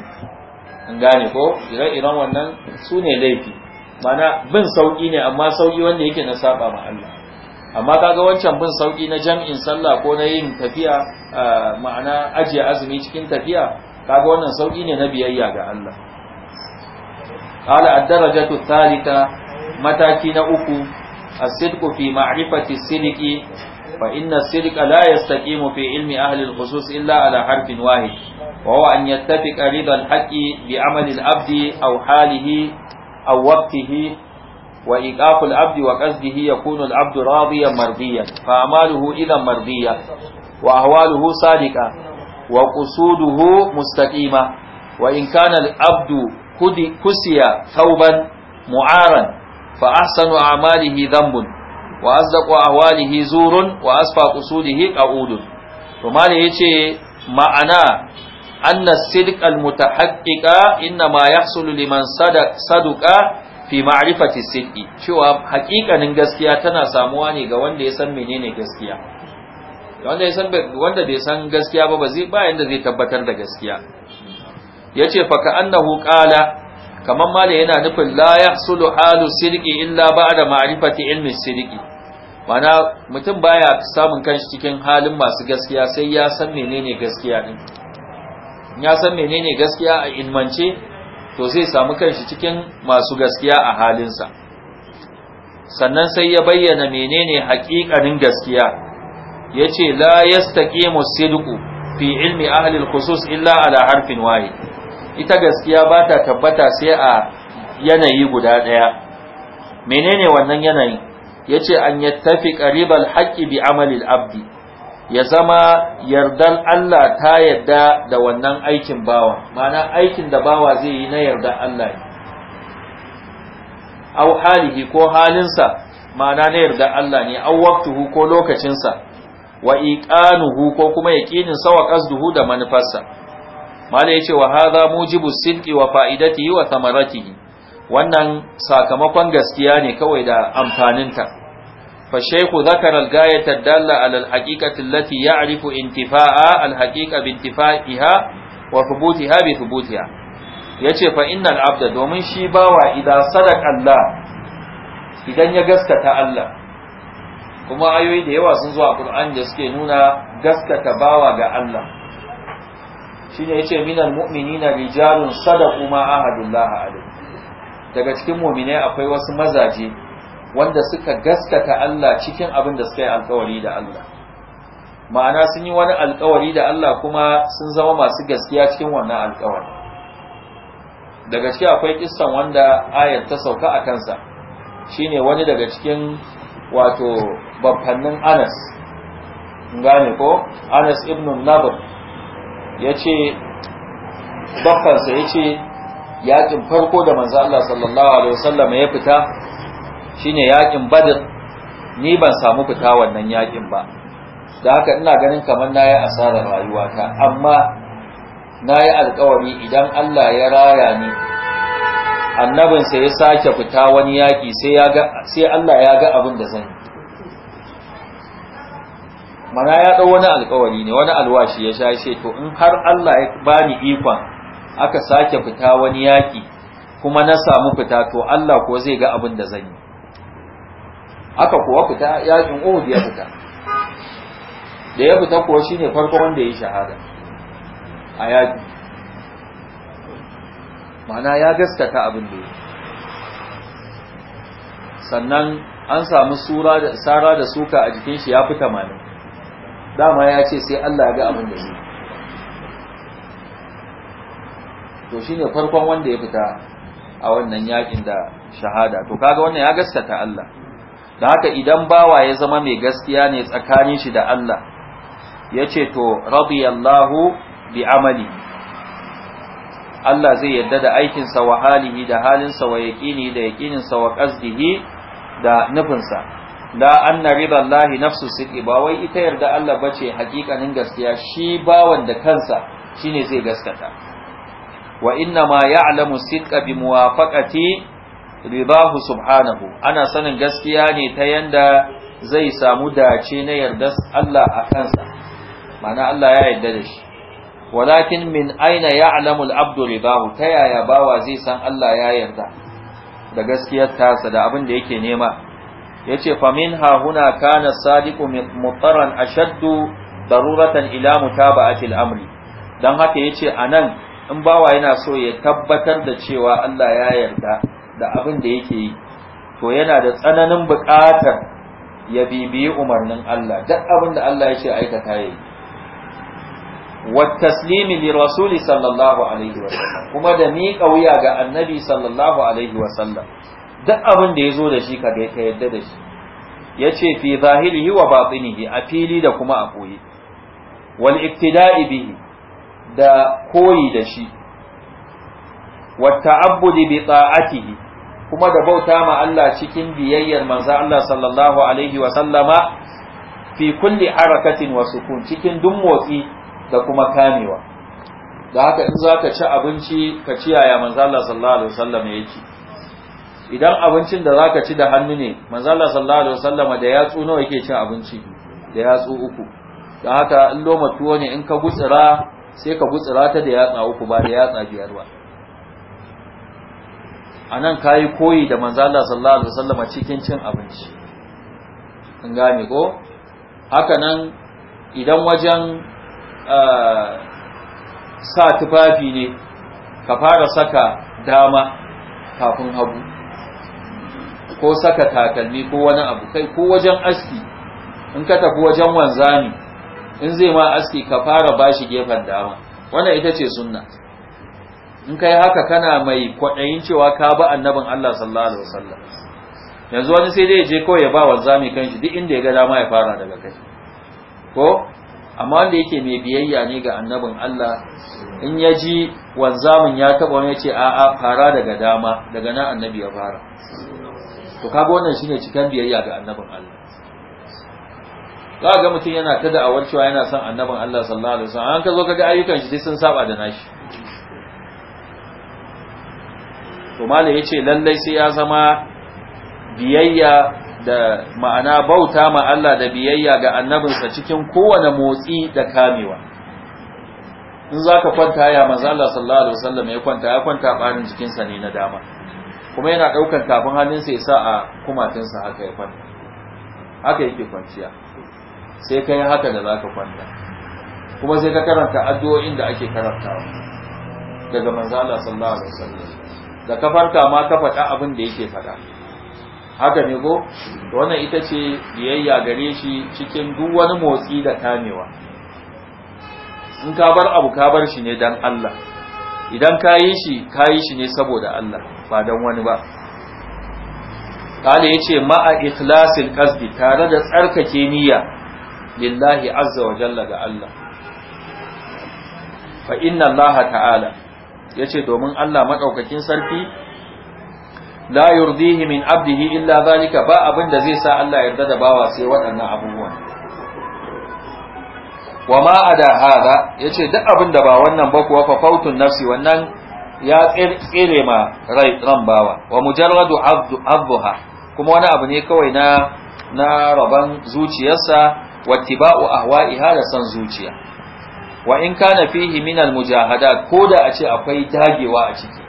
an gane ko ire-iren wannan su ne laifi mana bin sauƙi ne amma sauƙi wanda yake na saba ma Allah amma kaga wancan bin sauƙi na jam'in sallah ko na yin tafiya ma'ana ajiye azumi cikin tafiya kaga wannan sauƙi ne na biyayya ga Allah قال ad-darajatu mataki na uku a sidqu fi ma'rifati as-sidqi fa inna as la yastaqimu fi ilmi ahli al-khusus illa ala harfin wahid wa huwa an yattafiqa ridha al-haqqi bi amali al-abdi aw halihi aw waqtihi wa iqafu abdi wa qasdihi yakunu al-abdu radiyan mardiyan fa amaluhu idan mardiya wa ahwaluhu sadiqa wa qusuduhu mustaqima wa in kana al-abdu kudi kusiya thawban mu'aran fa ahsanu a'malihi dhanbun wa asdaqu ahwalihi zurun wa asfa qusulihi qa'udun to mala yace ma'ana anna sidq almutahaqqiqa inna ma yahsulu liman sadaq saduqa fi ma'rifati sidqi cewa haƙiƙanin gaskiya tana samuwa ne ga wanda ya san menene gaskiya wanda ya san wanda bai san gaskiya ba ba zai ba yanda zai tabbatar da gaskiya yace fa ka annahu qala kamar malam yana nufin la sulu halu sirki illa da ma'rifati ilmin sirki mana mutum baya samun kanshi cikin halin masu gaskiya sai ya san menene gaskiya din ya san menene gaskiya a ilmance to zai samu kanshi cikin masu gaskiya a halinsa sannan sai ya bayyana menene haƙiƙanin gaskiya ya la yastaqimu sidqu fi ilmi ahli al-khusus illa ala harfin wahid ita gaskiya ba ta tabbata sai a yanayi guda ɗaya menene wannan yanayi? ya ce an yattafi ƙaribal haƙƙi bi amalil abdi ya zama yardan Allah ta yarda da wannan aikin bawa mana aikin da bawa zai yi na yardan Allah ne aw halihi ko halinsa ma'ana na yarda Allah ne aw waqtuhu ko lokacinsa wa iqanuhu ko kuma yaqinin sawa wa qasduhu da manufarsa mala yace wa hadha mujibu sidqi wa fa'idatihi wa thamaratihi wannan sakamakon gaskiya ne kawai da amfaninta fa shaykhu zakara al-gayat ad-dalla ala al-haqiqati allati ya'rifu intifa'a al-haqiqa bi intifa'iha wa thubutiha bi thubutiha yace fa innal abda domin shi bawa idan sadaqa Allah idan ya gaskata Allah kuma ayoyi da yawa sun zo a Qur'ani da suke nuna gaskata bawa ga Allah shine yace minal mu'minina rijalun sadaqu ma ahadullah alaihi daga cikin mu'minai akwai wasu mazaje wanda suka gaskata Allah cikin abin da suka yi alkawari da Allah ma'ana sun yi wani alkawari da Allah kuma sun zama masu gaskiya cikin wannan alkawari daga ciki akwai kistan wanda ayar ta sauka a kansa shine wani daga cikin wato babbannin Anas gane ko Anas ibn Nabr ya ce bakkansa ya ce yaƙin farko da manzo Allah sallallahu alaihi wasallam ya fita shine yaƙin badr ni ban samu fita wannan yaƙin ba da haka ina ganin kamar nayi asarar rayuwata amma nayi alƙawari idan Allah ya raya ni annabinsa ya sake fita wani yaƙi sai Allah ya ga abin da zan mana ya ɗau wani alkawari ne wani alwashi ya sha ce to in har Allah ya bani ikon aka sake fita wani yaki kuma na samu fita to Allah ko zai ga abin da zan yi aka kuwa fita yakin Uhud ya fita da ya fita kuwa shine farko wanda ya shahada a yaki mana ya gaskata abin da ya sannan an samu sura da sara da suka a jikin shi ya fita malam. dama ya ce sai Allah ya ga abin da shi to shi ne farkon wanda ya fita a wannan yakin da shahada to kaga wannan ya ta Allah da haka idan bawa ya zama mai gaskiya ne tsakanin shi da Allah ya ce to radiyallahu bi amali Allah zai yadda da aikin sa wa halihi da halinsa wa yaqini da yaqinin sa wa qasdihi da nufinsa la anna ridallahi nafsu sidqi ba wai ita yarda Allah bace hakikanin gaskiya shi bawan da kansa shine zai gaskata wa inna ma ya'lamu sidqa bi muwafaqati ridahu subhanahu ana sanin gaskiya ne ta yanda zai samu dace na yarda Allah a kansa mana Allah ya yarda da shi walakin min aina ya'lamu al-abdu ridahu ta yaya bawa zai san Allah ya yarda da gaskiyar tasa da abin da yake nema yace famin Hahuna, huna kana sadiku mutaran ashaddu daruratan ila mutaba'ati al-amri dan haka yace nan, in bawa yana so ya tabbatar da cewa Allah ya yarda da abin da yake yi to yana da tsananin buƙatar ya bibiyi umarnin Allah duk abin da Allah ya ce aikata yayi wa taslimi li rasuli sallallahu alaihi wa sallam kuma da miƙa wuya ga annabi sallallahu alaihi wa sallam duk abin da ya zo da shi ka ga ka yadda da shi ya ce fi zahirihi wa batinihi a fili da kuma a koyi wal iktida'i bihi da koyi da shi wa ta'abbudi bi ta'atihi kuma da bauta ma Allah cikin biyayyar manzo Allah sallallahu alaihi wa sallama fi kulli harakatin wa sukun cikin duk motsi da kuma kamewa da haka in zaka ci abinci ka ciyaya manzo Allah sallallahu alaihi wa sallama yake idan abincin da zaka ci da hannu ne manzo Allah sallallahu alaihi wasallam da yatsu nawa yake cin abinci da yatsu uku don haka in loma tuwo ne in ka gutsira sai ka gutsira ta da yatsa uku ba da yatsa biyar ba a nan ka yi koyi da manzo Allah sallallahu alaihi wasallam cikin cin abinci in gane ko haka nan idan wajen eh, sa tufafi ne ka fara saka dama kafin hagu ko saka takalmi ko wani abu kai ko wajen aski in ka tafi wajen wanzani in zai ma aski ka fara bashi gefen dama wannan ita ce sunna in kai haka kana mai kwaɗayin cewa ka bi annabin Allah sallallahu alaihi wasallam yanzu wani sai dai ya je kawai ya ba wanzami kanshi duk inda ya ga dama ya fara daga kai ko amma wanda yake mai biyayya ne ga annabin Allah in ya ji wanzamin ya taba wani ya ce a'a fara daga dama daga nan annabi ya fara to kaga wannan shine cikan biyayya ga annabin Allah za ga mutum yana ta da'awar cewa yana son annabin Allah sallallahu alaihi wasallam an ka zo ka ga ayyukan shi sai sun saba da nashi to mala yace lallai sai ya zama biyayya da ma'ana bauta ma Allah da biyayya ga annabinsa cikin kowane motsi da kamewa in zaka ka kwanta ya manzo Allah sallallahu alaihi wasallam ya kwanta ya kwanta barin jikinsa ne na dama kuma yana ɗaukar tafin hannunsa ya sa a kumatinsa haka ya kwanta haka yake kwanciya sai ka yi haka da za ka kwanta kuma sai ka karanta addu'o'in da ake karantawa daga manzala sallallahu alaihi wasallam da ka farka ma ka faɗa abin da yake faɗa haka ne ko wannan ita ce biyayya gare shi cikin duk wani motsi da kamewa in ka bar abu ka bar shi ne dan Allah idan ka yi shi ka yi shi ne saboda Allah ba don wani ba kale yace ma'a ikhlasil qasdi tare da tsarkake niyya lillahi azza wa jalla ga Allah fa inna Allah ta'ala ce domin Allah maɗaukakin sarki la yurdihi min abdihi illa zalika ba abin da zai sa Allah yarda da bawa sai waɗannan abubuwan wa ma ada Ya yace duk abin da ba wannan ba kuwa fa fautun nafsi wannan ya tsere ma ran bawa wa mujarradu abduha kuma wani abu ne kawai na na raban zuciyarsa wattiba'u ahwa'iha da san zuciya wa in kana fihi min mujahada koda a ce akwai dagewa a ciki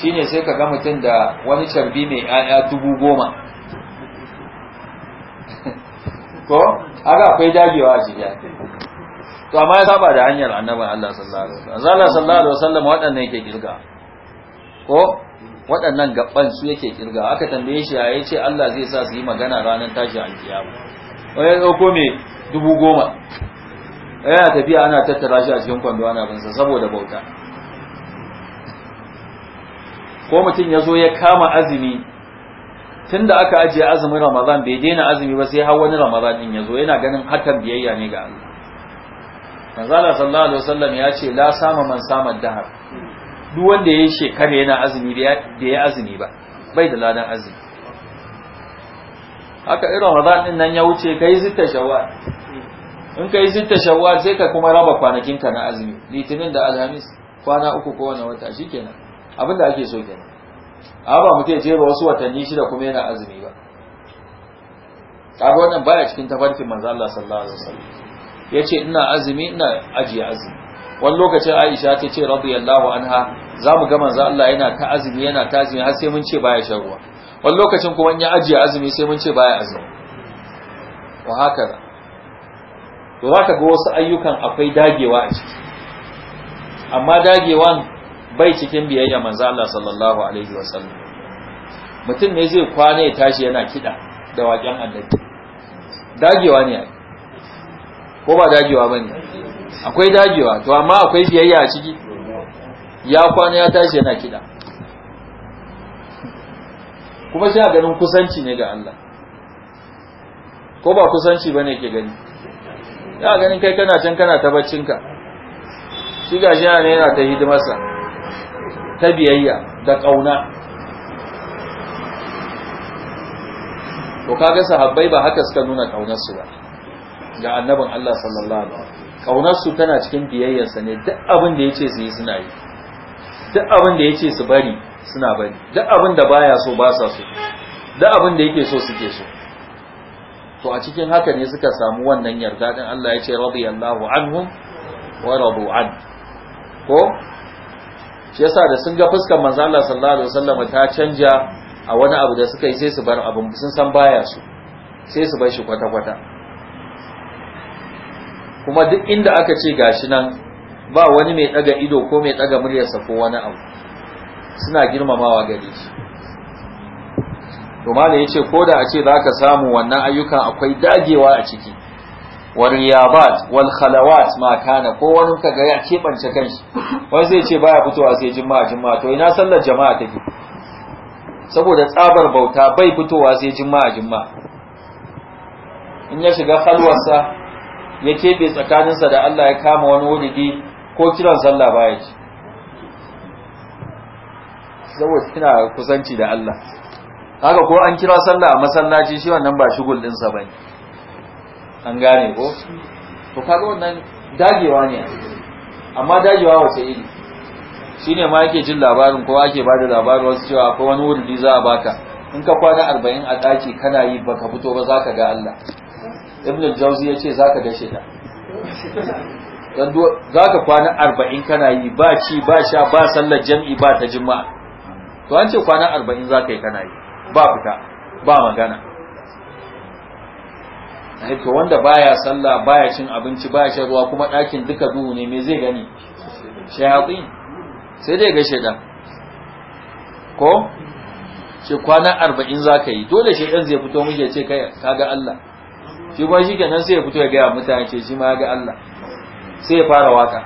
shine sai ka ga mutum da wani carbi mai 'ya'ya dubu goma ko aga akwai dagewa a ciki to amma ya saba da hanyar annabin Allah sallallahu alaihi wasallam Allah sallallahu alaihi wasallam waɗannan yake kirga ko waɗannan gaban su yake kirga aka tambaye shi ya ce Allah zai sa su yi magana ranar tashi alkiyama wai ya dauko me dubu goma ya tafiya ana tattara shi a cikin kwando ana binsa saboda bauta ko mutum ya zo ya kama azumi tun da aka ajiye azumin ramadan bai daina azumi ba sai har wani ramadan din ya zo yana ganin hakan biyayya ne ga Allah manzo Allah sallallahu alaihi wasallam ya ce la sama man sama dahar duk wanda yayi shekara yana azumi da ya azumi ba bai da ladan azumi haka irin Ramadan din nan ya wuce kai zitta shawwal in kai zitta shawwal sai ka kuma raba kwanakin ka na azumi litinin da alhamis kwana uku kowane wata shikenan abinda ake so kenan a ba mutum ya je ba wasu watanni shida kuma yana azumi ba kaga wannan baya cikin tafarkin manzo Allah sallallahu alaihi wasallam ya ce ina azumi ina ajiye azumi wani lokacin aisha ta ce radiyallahu anha za mu gama za Allah yana ta azumi yana ta azumi har sai mun ce baya shan ruwa wani lokacin kuma ya ajiye azumi sai mun ce baya azumi wa haka to za ka ga wasu ayyukan akwai dagewa a ciki amma dagewan bai cikin biyayya manzo Allah sallallahu alaihi wasallam mutum ne zai kwana ya tashi yana kida da waƙen annabi dagewa ne ko ba dagewa ba ne akwai dagewa to amma akwai biyayya a ciki ya kwana ya tashi yana kiɗa kuma shi ganin kusanci ne ga Allah ko ba kusanci ba ne ke gani ya ganin kai kana can kana ta baccinka shi ga shi ne yana ta hidimarsa ta biyayya da ƙauna to kaga sahabbai ba haka suka nuna ƙaunarsu ba ga annabin Allah sallallahu alaihi wasallam kaunarsu tana cikin sa ne duk abin da yace su yi suna yi duk abin da yace su bari suna bari duk abin da baya so ba sa so duk abin da yake so suke so to a cikin haka ne suka samu wannan yarda din Allah yace radiyallahu anhum wa radu an ko shi yasa da sun ga fuskar manzo Allah sallallahu alaihi wasallam ta canja a wani abu da suka yi sai su bar abin sun san baya su sai su bar shi kwata kwata kuma duk inda aka ce gashi nan ba wani mai daga ido ko mai daga muryarsa ko wani abu suna girmamawa gare shi to malai yace ko da a ce zaka samu wannan ayyukan akwai dagewa a ciki wal riyabat wal khalawat ma kana ko wani ka ga ya kebance kanshi wani zai ce baya fitowa sai juma'a juma'a to ina sallar jama'a take saboda tsabar bauta bai fitowa sai juma'a juma'a in ya shiga halwarsa ya bai tsakaninsa da Allah ya kama wani wuridi ko kiran sallah baya ci saboda kina kusanci da Allah haka ko an kira sallah a masallaci shi wannan ba shugul dinsa ba ne an gane ko to kaga wannan dagewa ne amma dagewa wace iri Shi ne ma yake jin labarin ko ake bada labarin wasu cewa akwai wani wurdi za a baka in ka kwana arba'in a ɗaki kana yi baka fito ba za ka ga Allah ibn al ya ce za ka dashe ta za ka kwana arba'in kana yi ba ci ba sha ba sallar jami'i ba ta juma'a to an ce kwana arba'in za ka yi kana yi ba fita ba magana to wanda baya sallah baya cin abinci baya shan ruwa kuma ɗakin duka duhu ne me zai gani shayatsin sai dai gashe da ko ce kwana arba'in za ka yi dole shaidan zai fito muke ce kaga Allah shi kuma shi kenan sai ya fito ya gaya mutane ce shi ma ya ga Allah sai ya fara waka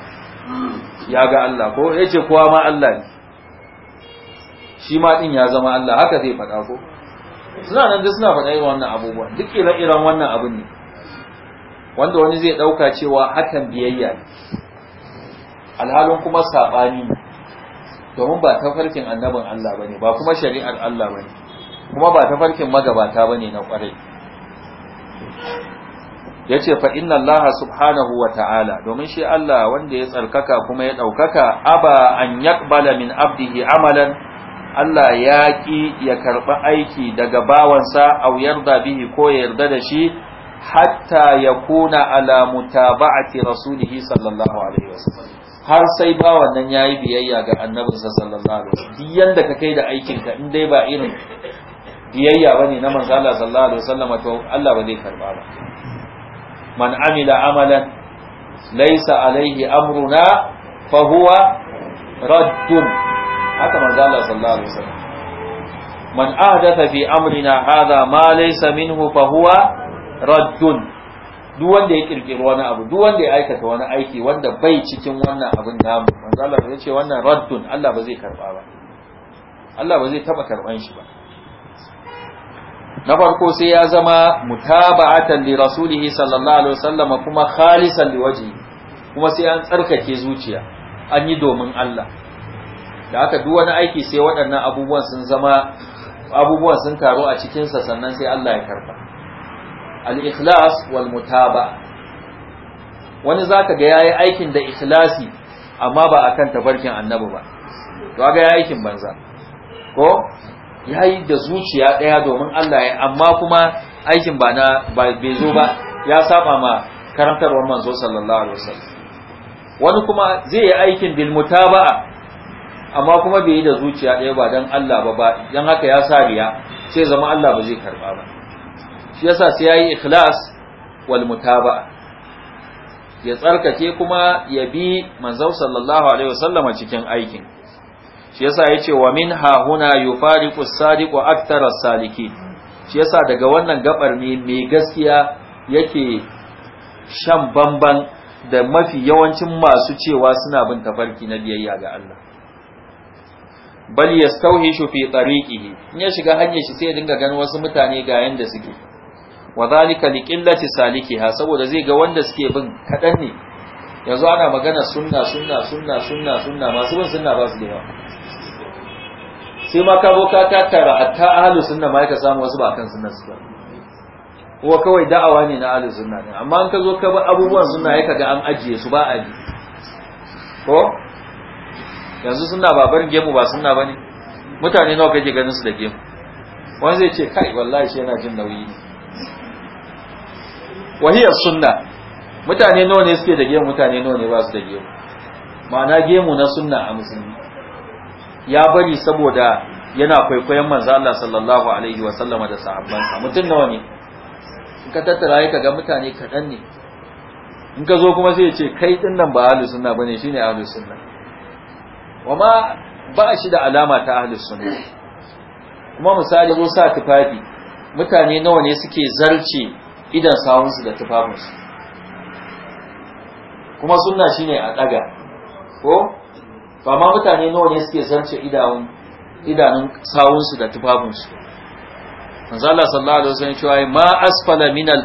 ya ga Allah ko ya ce kowa ma Allah ne shi ma din ya zama Allah haka zai faɗa ko suna nan da suna faɗa irin wannan abubuwan duk ire-iren wannan abin ne wanda wani zai ɗauka cewa hakan biyayya ne alhalin kuma saɓani ne domin ba tafarkin annabin Allah ba ne ba kuma shari'ar Allah ba ne kuma ba tafarkin magabata ba ne na ƙwarai Yace ce fa inna Allah subhanahu wa ta'ala domin shi Allah wanda ya tsarkaka kuma ya ɗaukaka aba an yaqbala min abdihi amalan Allah ya ƙi ya karɓi aiki daga bawansa a yarda bihi ko ya yarda da shi hatta ya kuna ala mutaba'ati rasulihi sallallahu alaihi wasallam har sai bawan nan yayi biyayya ga annabinsa sallallahu alaihi wasallam duk yanda ka kai da aikinka in dai ba irin biyayya bane na manzo Allah sallallahu alaihi wasallam to Allah ba zai karba ba man amila amalan laysa alaihi amruna fa huwa raddun haka manzo Allah sallallahu alaihi wasallam man ahdatha fi amrina hadha ma laysa minhu fa huwa raddun duk wanda ya kirkiri wani abu duk wanda ya aikata wani aiki wanda bai cikin wannan abin namu manzo Allah ya ce wannan raddun Allah ba zai karba ba Allah ba zai taba karban shi ba na farko sai ya zama mutaba'atan li rasulihi sallallahu alaihi wasallam kuma khalisan wajhi kuma sai an tsarkake zuciya an yi domin Allah da haka duk wani aiki sai waɗannan abubuwan sun zama abubuwan sun taru a cikin sa sannan sai Allah ya karba al-ikhlas wal mutaba wani zaka ga yayi aikin da ikhlasi amma ba akan tabarkin annabi ba to ga yayi aikin banza ko ya yi da zuciya ɗaya domin Allah ya amma kuma aikin ba na bai zo ba ya saba ma karantarwar manzo sallallahu alaihi wasallam wani kuma zai yi aikin bil mutaba'a amma kuma bai yi da zuciya ɗaya ba dan Allah ba ba dan haka ya sa riya sai zama Allah ba zai karba ba shi yasa sai ya yi ikhlas wal mutaba'a ya tsarkake kuma ya bi manzo sallallahu alaihi wasallama cikin aikin shi yasa yace wa min ha huna yufariqu as-sadiqu akthar as-saliki shi yasa daga wannan gabar ne mai gaskiya yake shan bamban da mafi yawancin masu cewa suna bin tafarki na biyayya ga Allah bal yastawhishu fi tariqihi in ya shiga hanyar shi sai ya dinga ganin wasu mutane ga yanda suke wa zalika liqillati salikiha saboda zai ga wanda suke bin kadan ne yanzu ana magana sunna sunna sunna sunna sunna masu bin sunna ba su da yawa sai ma ka zo ka tattara ta ahlus sunna ma yaka samu wasu ba kan sunna ba kuwa kawai da'awa ne na ahlus sunna ne amma an ka zo ka bi abubuwan sunna ya kaga an ajiye su ba a bi ko yanzu sunna ba barin gemu ba sunna ne? mutane nawa kake ganin su da gemu wani zai ce kai wallahi shi yana jin nauyi ne wahiyar sunna mutane nawa ne suke da gemu mutane nawa ne ba su da gemu ma'ana gemu na sunna a musulmi ya bari saboda yana kwaikwayon manzo Allah sallallahu alaihi wa sallama da sahabbansa mutum nawa ne in ka tattara yake ga mutane kaɗan ne in ka zo kuma sai ya ce kai din nan ba ahlus sunna bane shine ahlus sunna wama ba shi da alama ta ahlus sunna kuma misali zo sa tufafi mutane nawa ne suke zarce idan su da su kuma sunna shine a daga ko to amma mutane nawa ne suke zance idanun idanun sawunsu da tufafinsu manzo Allah sallallahu alaihi wasallam cewa ma asfala min al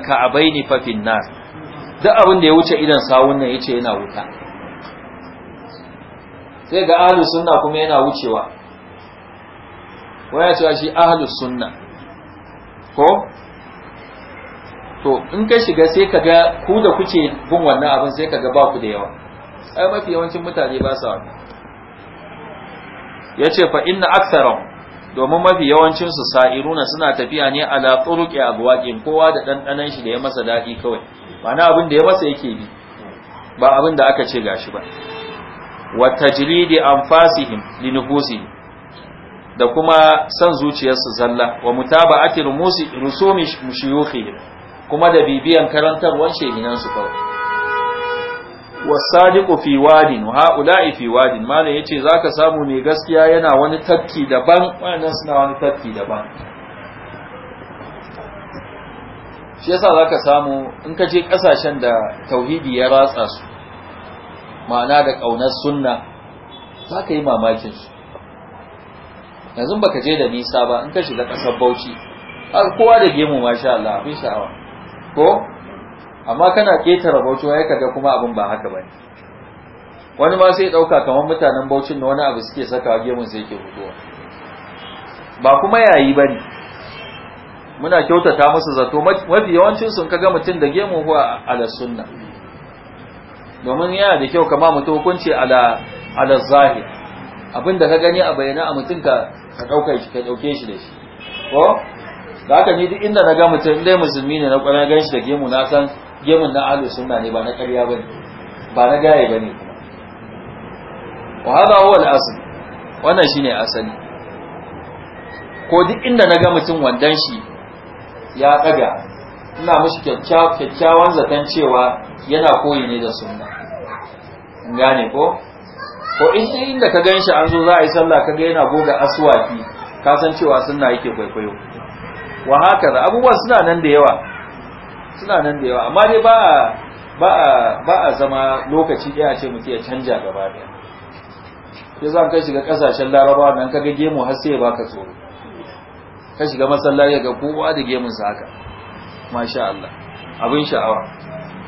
fa fi nar duk abin da ya wuce idan sawun nan yace yana wuta sai ga ahlus sunna kuma yana wucewa waya cewa shi ahlus sunna ko to in ka shiga sai ka ga ku da kuke bin wannan abin sai ka ga ba ku da yawa ai mafi yawancin mutane ba sa wannan ya ce fa inna aksaran domin mafi yawancinsu sa'iruna suna tafiya ne a latsuruƙe a buwaƙin kowa da ɗanɗanan shi da ya masa daɗi kawai na abin da ya masa yake bi ba abin da aka ce gashi ba wa tajridi an fasihin linihusi da kuma san zuciyarsu zalla wa mutaba rumusi rusomi shuyukhihim kuma da bibiyan karantarwar shehinan kawai wasadiqu fi wadin wa haula'i fi wadin malam yace zaka samu mai gaskiya yana wani tafki daban wannan suna wani tafki daban shi yasa zaka samu in ka je kasashen da tauhidi ya ratsa su ma'ana da kaunar sunna zaka yi mamakin su yanzu baka je da nisa ba in ka shiga kasar Bauchi kowa da gemu masha Allah abin sha'awa ko amma kana ketare bauchi wai kaga kuma abin ba haka bane wani ma sai dauka kamar mutanen bauchin na wani abu suke sakawa gemun sai yake fitowa ba kuma yayi bane muna kyautata musu zato mafi yawancin sun kaga mutum da gemu huwa ala sunna domin yana da kyau kama mutu hukunci ala ala zahir abinda ka gani a bayyana a mutun ka ka dauka shi ka dauke shi da shi ko da haka ni duk inda na ga mutum dai musulmi ne na kwana gan shi da gemu na san gemun na ahlus sunna ne ba na ƙarya bane ba na gaye bane kuma wa hada huwa al-asl wannan shine asali ko duk inda naga mutum wandan shi ya daga ina mishi kyakkyawan zaton cewa yana koyi ne da sunna in gane ko ko inda ka gan shi an zo za a yi sallah ka ga yana goga asuwafi, ka san cewa sunna yake kwaikwayo wa haka abubuwa suna nan da yawa suna nan da yawa amma dai ba a ba a zama lokaci ɗaya a ce muke ya canja gaba ɗaya ya za ka shiga ƙasashen larabawa nan ka ga gemu har sai ya baka tsoro ka shiga masallaci ga kowa da sa haka masha Allah abin sha'awa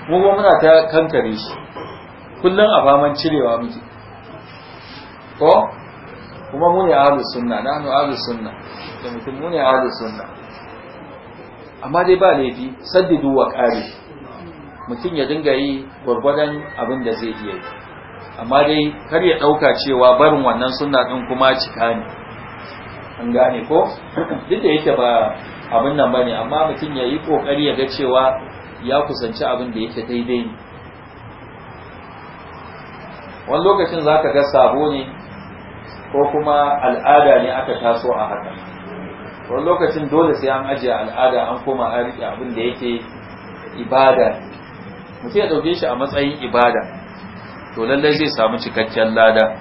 mu ba muna ta kankare shi kullum a faman cirewa muke ko kuma mu ne ahlus sunna nahnu ahlus sunna da mutum mu ne ahlus sunna amma dai ba laifi saddidu wa ƙari mutum ya dinga yi gwargwadon abin da zai iya yi amma dai kar ya ɗauka cewa barin wannan suna ɗin kuma cika ne an gane ko duk da yake ba abin nan ba ne amma mutum ya yi ƙoƙari ya ga cewa ya kusanci abin da yake daidai ne wani lokacin za ka ga sabo ne ko kuma al'ada ne aka taso a haka wani lokacin dole sai an ajiye al'ada an koma an riƙe abin da yake ibada mutum ya ɗauke shi a matsayin ibada to lallai zai samu cikakken lada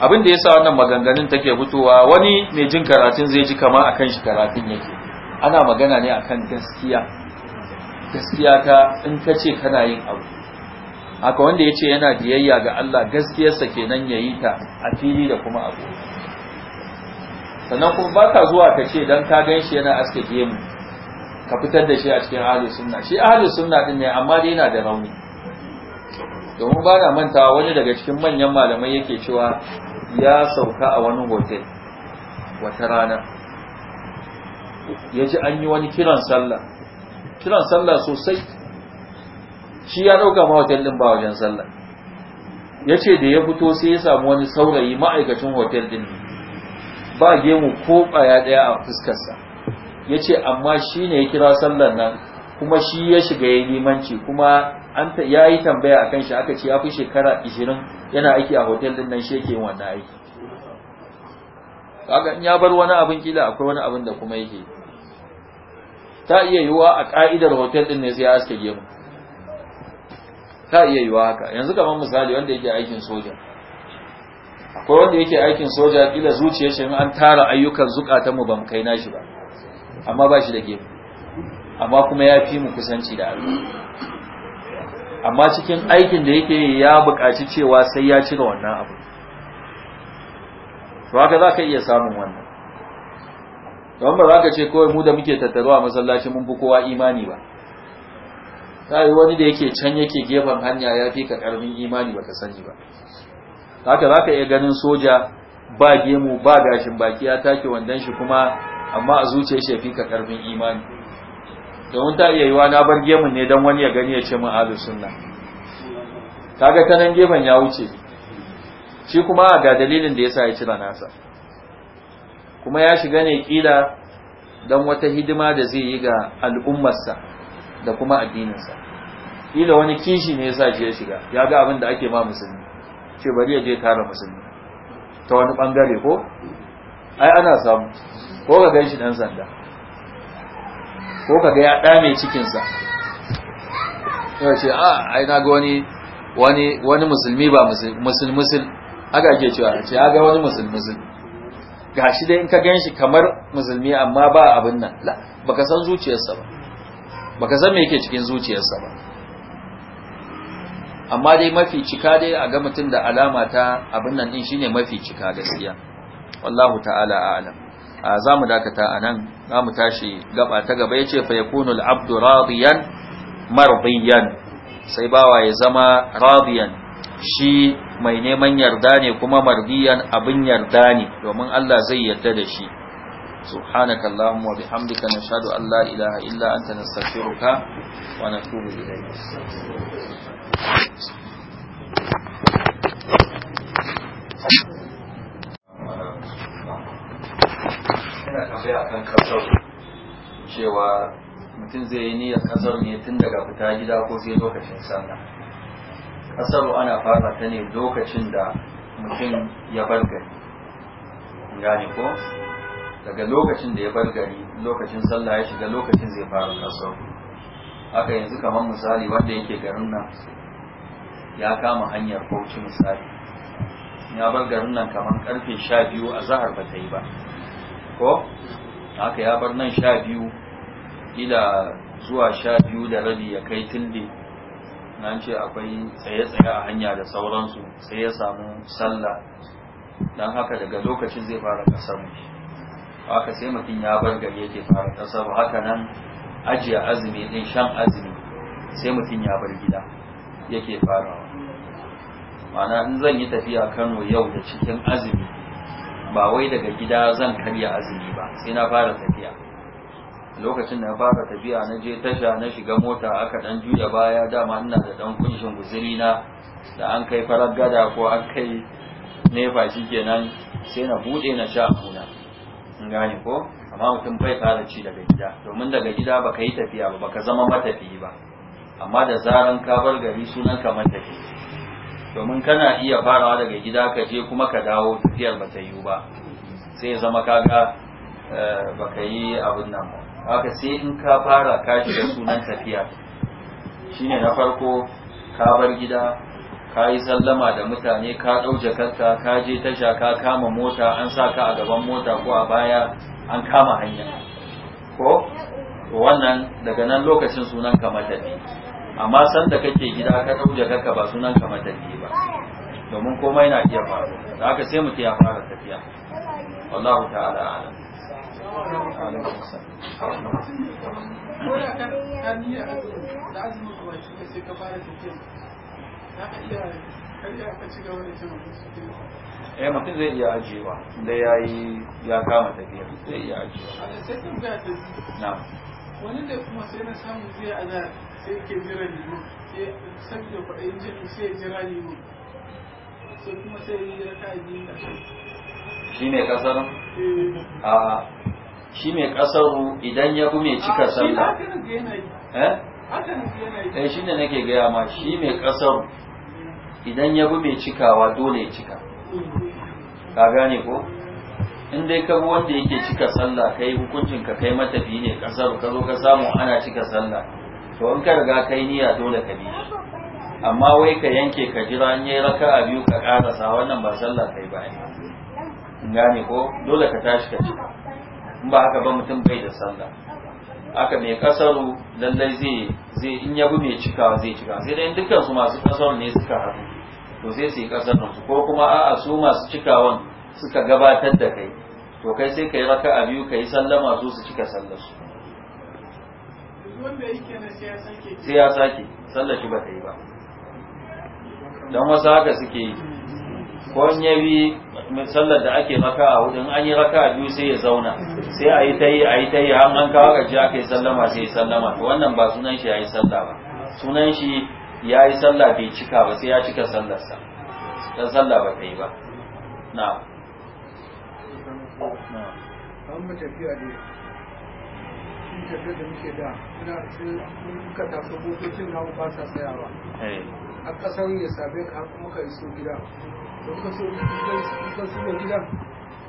abin da ya sa wannan maganganun take fitowa wani mai jin karatun zai ji kama akan shi karatun yake ana magana ne akan gaskiya gaskiya ta in ka ce kana yin abu haka wanda ya ce yana biyayya ga Allah gaskiyarsa kenan ya yi ta a fili da kuma abu sannan kuma ba ka zuwa ka ce don ka gan shi yana aske gemu ka fitar da shi a cikin ahalin sunna shi ahalin sunna din ne amma dai yana da rauni domin ba na mantawa wani daga cikin manyan malamai yake cewa ya sauka a wani hotel wata rana ya an yi wani kiran sallah kiran sallah sosai shi ya ɗauka ma hotel ɗin ba wajen sallah ya ce da ya fito sai ya samu wani saurayi ma'aikacin hotel ɗin ne ba gemu ko ɓaya ɗaya a fuskarsa ya ce amma shi ne ya kira sallar nan kuma shi ya shiga ya limanci kuma ya yi tambaya a kan shi aka ce ya fi shekara 20 yana aiki a hotel din nan shi yake wannan aiki kaga in ya bar wani abin kila akwai wani abin da kuma yake ta iya a ka'idar hotel din ne sai ya aske gemu ta iya haka yanzu kamar misali wanda yake aikin soja akwai wanda yake aikin soja kila zuciya shi an tara ayyukan zukata mu ba mu kai nashi ba amma ba shi da gefe amma kuma ya fi mu kusanci da Allah amma cikin aikin da yake ya buƙaci cewa sai ya cire wannan abu to haka za ka iya samun wannan don ba za ka ce kawai mu da muke tattaruwa masallaci mun fi kowa imani ba ta yi wani da yake can yake gefen hanya ya fi ka ƙaramin imani ba ka sani ba haka za ka iya ganin soja ba gemu ba gashin baki ya take wandan shi kuma amma a zuciyar shi fi ka karfin imani domin ta iya yiwa na bar gemun ne dan wani ya gani ya ce min alu sunna kaga ta nan gefen ya wuce shi kuma ga dalilin da yasa ya cira nasa kuma ya shiga ne kila dan wata hidima da zai yi ga al'ummarsa da kuma addininsa kila wani kishi ne yasa shi ya shiga ya ga abin da ake ma musulmi ce bari ya je kare musulmi ta wani bangare ko ai ana samu ko ka gan shi dan sanda ko ka ga ya dame cikinsa ya ce a ah, ai na ga wani wani wani musulmi ba musulmi musul haka ake cewa ce ya ga wani musulmi musul gashi dai in ka gan shi kamar musulmi amma ba abin nan baka san zuciyarsa ba baka san me yake cikin zuciyarsa ba amma dai mafi cika dai a ga mutum da alama ta abin nan din shine mafi cika gaskiya wallahu ta'ala a'lam za mu dakata anan za mu tashi gaba ta gaba yace fa al abdu radiyan marbiyan sai bawa ya zama radiyan shi mai neman yarda ne kuma mardiyan abin yarda ne domin Allah zai yarda da shi سبحانك اللهم وبحمدك نشهد أن لا إله إلا أنت نستغفرك ونتوب إليك akan cewa mutum zai yi niyyar kasar ne tun daga fita gida ko sai lokacin sallah kasar ana fara ta ne lokacin da mutum ya bar gari gane ko daga lokacin da ya bar gari lokacin sallah ya shiga lokacin zai fara kaso haka yanzu kamar misali wanda yake garin nan ya kama hanyar bauchi misali ya bar garin nan kamar karfe sha biyu a zahar ba ta yi ba ko haka ya bar nan sha biyu ila zuwa sha biyu da rabi ya kai tilde na ce akwai tsaye-tsaye a hanya da sauransu sai ya samu sallah don haka daga lokacin zai fara kasar mu haka sai mutum ya bar gari yake fara ba haka nan ajiye azumi din shan azumi sai mutum ya bar gida yake farawa mana in zan yi tafiya kano yau da cikin azumi ba wai daga gida zan karya azumi ba sai na fara tafiya lokacin da ya fara tafiya na je tasha na shiga mota aka dan juya baya dama ina da dan kunshin guzuri na da an kai farar gada ko an kai nefa shikenan sai na bude na sha kuna in gane ko amma mutum bai fara ci daga gida domin daga gida baka yi tafiya ba baka zama matafiyi ba amma da zaran ka bar gari sunan ka matafi domin kana iya farawa daga gida ka je kuma ka dawo tafiyar ba ta yiwu ba sai ya zama kaga eh, baka yi abin nan ba haka sai in ka fara ka shiga sunan tafiya shine na farko ka bar gida ka yi sallama da mutane ka ɗauje kanka ka je tasha ka kama mota an sa ka a gaban mota ko a baya an kama hanya ko wannan daga nan lokacin sunan ka matafi amma san da kake gida ka ɗauje kanka ba sunan ka matafi ba domin komai na iya faru da aka sai mutum ya fara tafiya wallahu ta'ala ala ko da kan eh mutum zai iya ajiyewa da ya yi ya kama tafiya zai iya ajiyewa na wani da kuma sai na samu zai a da sai ke jira liman sai saboda kwaɗayin jin sai jira liman sai kuma sai yi ya ka da shi ne kasar eh. a shi ne kasar idan ya bi mai cika sallah eh Eh, shi ne nake gaya ma shi mai kasar idan ya bi mai cikawa dole ya cika ka gane ko in dai ka bi wanda yake cika sallah kai hukuncin ka kai matafi ne kasar ka zo ka samu ana cika sallah to in ka riga kai niyya dole ka bi amma wai ka yanke ka jira an yi a biyu ka sa wannan ba sallah kai ba ne gane ko dole ka tashi ka cika in ba haka ba mutum bai da sallah aka mai kasaru lallai zai zai in ya bi mai cikawa zai cika sai dai dukkan su masu kasar ne suka haɗu to sai su yi kasar su ko kuma a'a su masu cikawan suka gabatar da kai to kai sai ka yi raka a biyu ka yi sallama su su cika sallar su sai ya sake sallar shi ba ta yi ba don wasu haka suke yi ko in ya bi sallar da ake raka a hudun an yi raka a biyu sai ya zauna sai a yi ta yi a yi ta yi har an kawo ka ji aka yi sallama sai ya sallama to wannan ba sunan shi ya yi sallah ba sunan shi ya yi sallah bai cika ba sai ya cika sallarsa dan sallah ba ta yi ba na tafiya da muke da sun na ba sa tsayawa eh. a ƙasar ya same ka har muka iso gida da muka so kuka so gida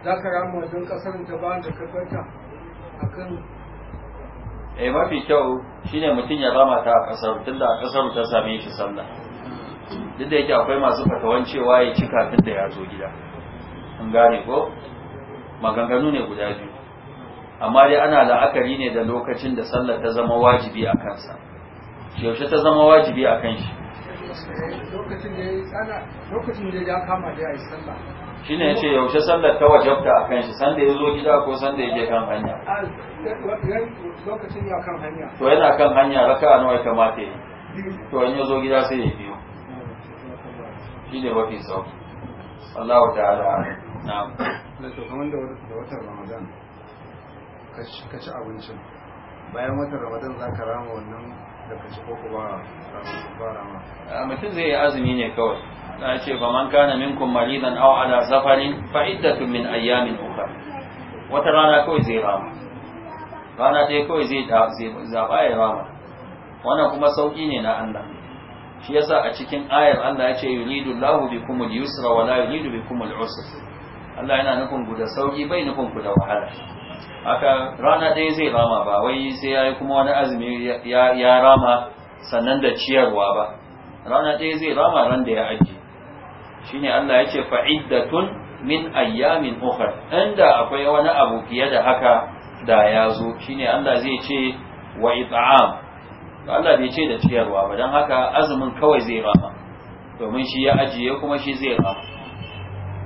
za ka rama don ƙasar ta ba da kafarta a kan eh mafi kyau shine mutum ya rama ta a tun da a ƙasar ta same shi sallah duk da yake akwai masu fatawan cewa ya ci kafin da ya zo gida an gane ko maganganu ne guda biyu amma dai ana la'akari ne da lokacin da sallar ta zama wajibi a kansa yaushe ta zama wajibi a kan shi lokacin da ya tsana lokacin da ya kama da ya yi sallah shine yace yaushe sallar ta wajabta a kan shi sanda ya zo gida ko sanda yake kan hanya lokacin ya kan hanya to yana kan hanya raka a nawa ya kamata yi to in ya zo gida sai ya biyu shi shine mafi sauki Allahu ta'ala na to kamar da watan Ramadan ka ci abincin bayan watan Ramadan za ka rama wannan mutum zai yi azumi ne kawai na ce ba man kana kun maridan au ala zafarin fa tun min ayyamin uka wata rana kawai zai rama rana ɗaya kawai zai zaɓa ya rama wannan kuma sauƙi ne na Allah shi yasa a cikin ayar Allah ya ce yuridu lahu bikum al-yusra wa la yuridu bikum al-usra Allah yana nufin guda sauƙi bai nufin guda wahala haka rana ɗaya zai rama ba wai sai ya kuma wani azumi ya rama sannan da ciyarwa ba rana ɗaya zai rama ran da ya ajiye shine Allah ya ce fa'iddatun min ayyamin ukhra inda akwai wani abu fiye da haka da ya zo shine Allah zai ce wa it'am Allah bai ce da ciyarwa ba dan haka azumin kawai zai rama domin shi ya ajiye kuma shi zai rama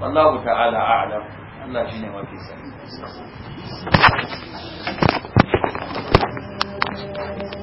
wallahu ta'ala a'lam Allah shi ne mafi sani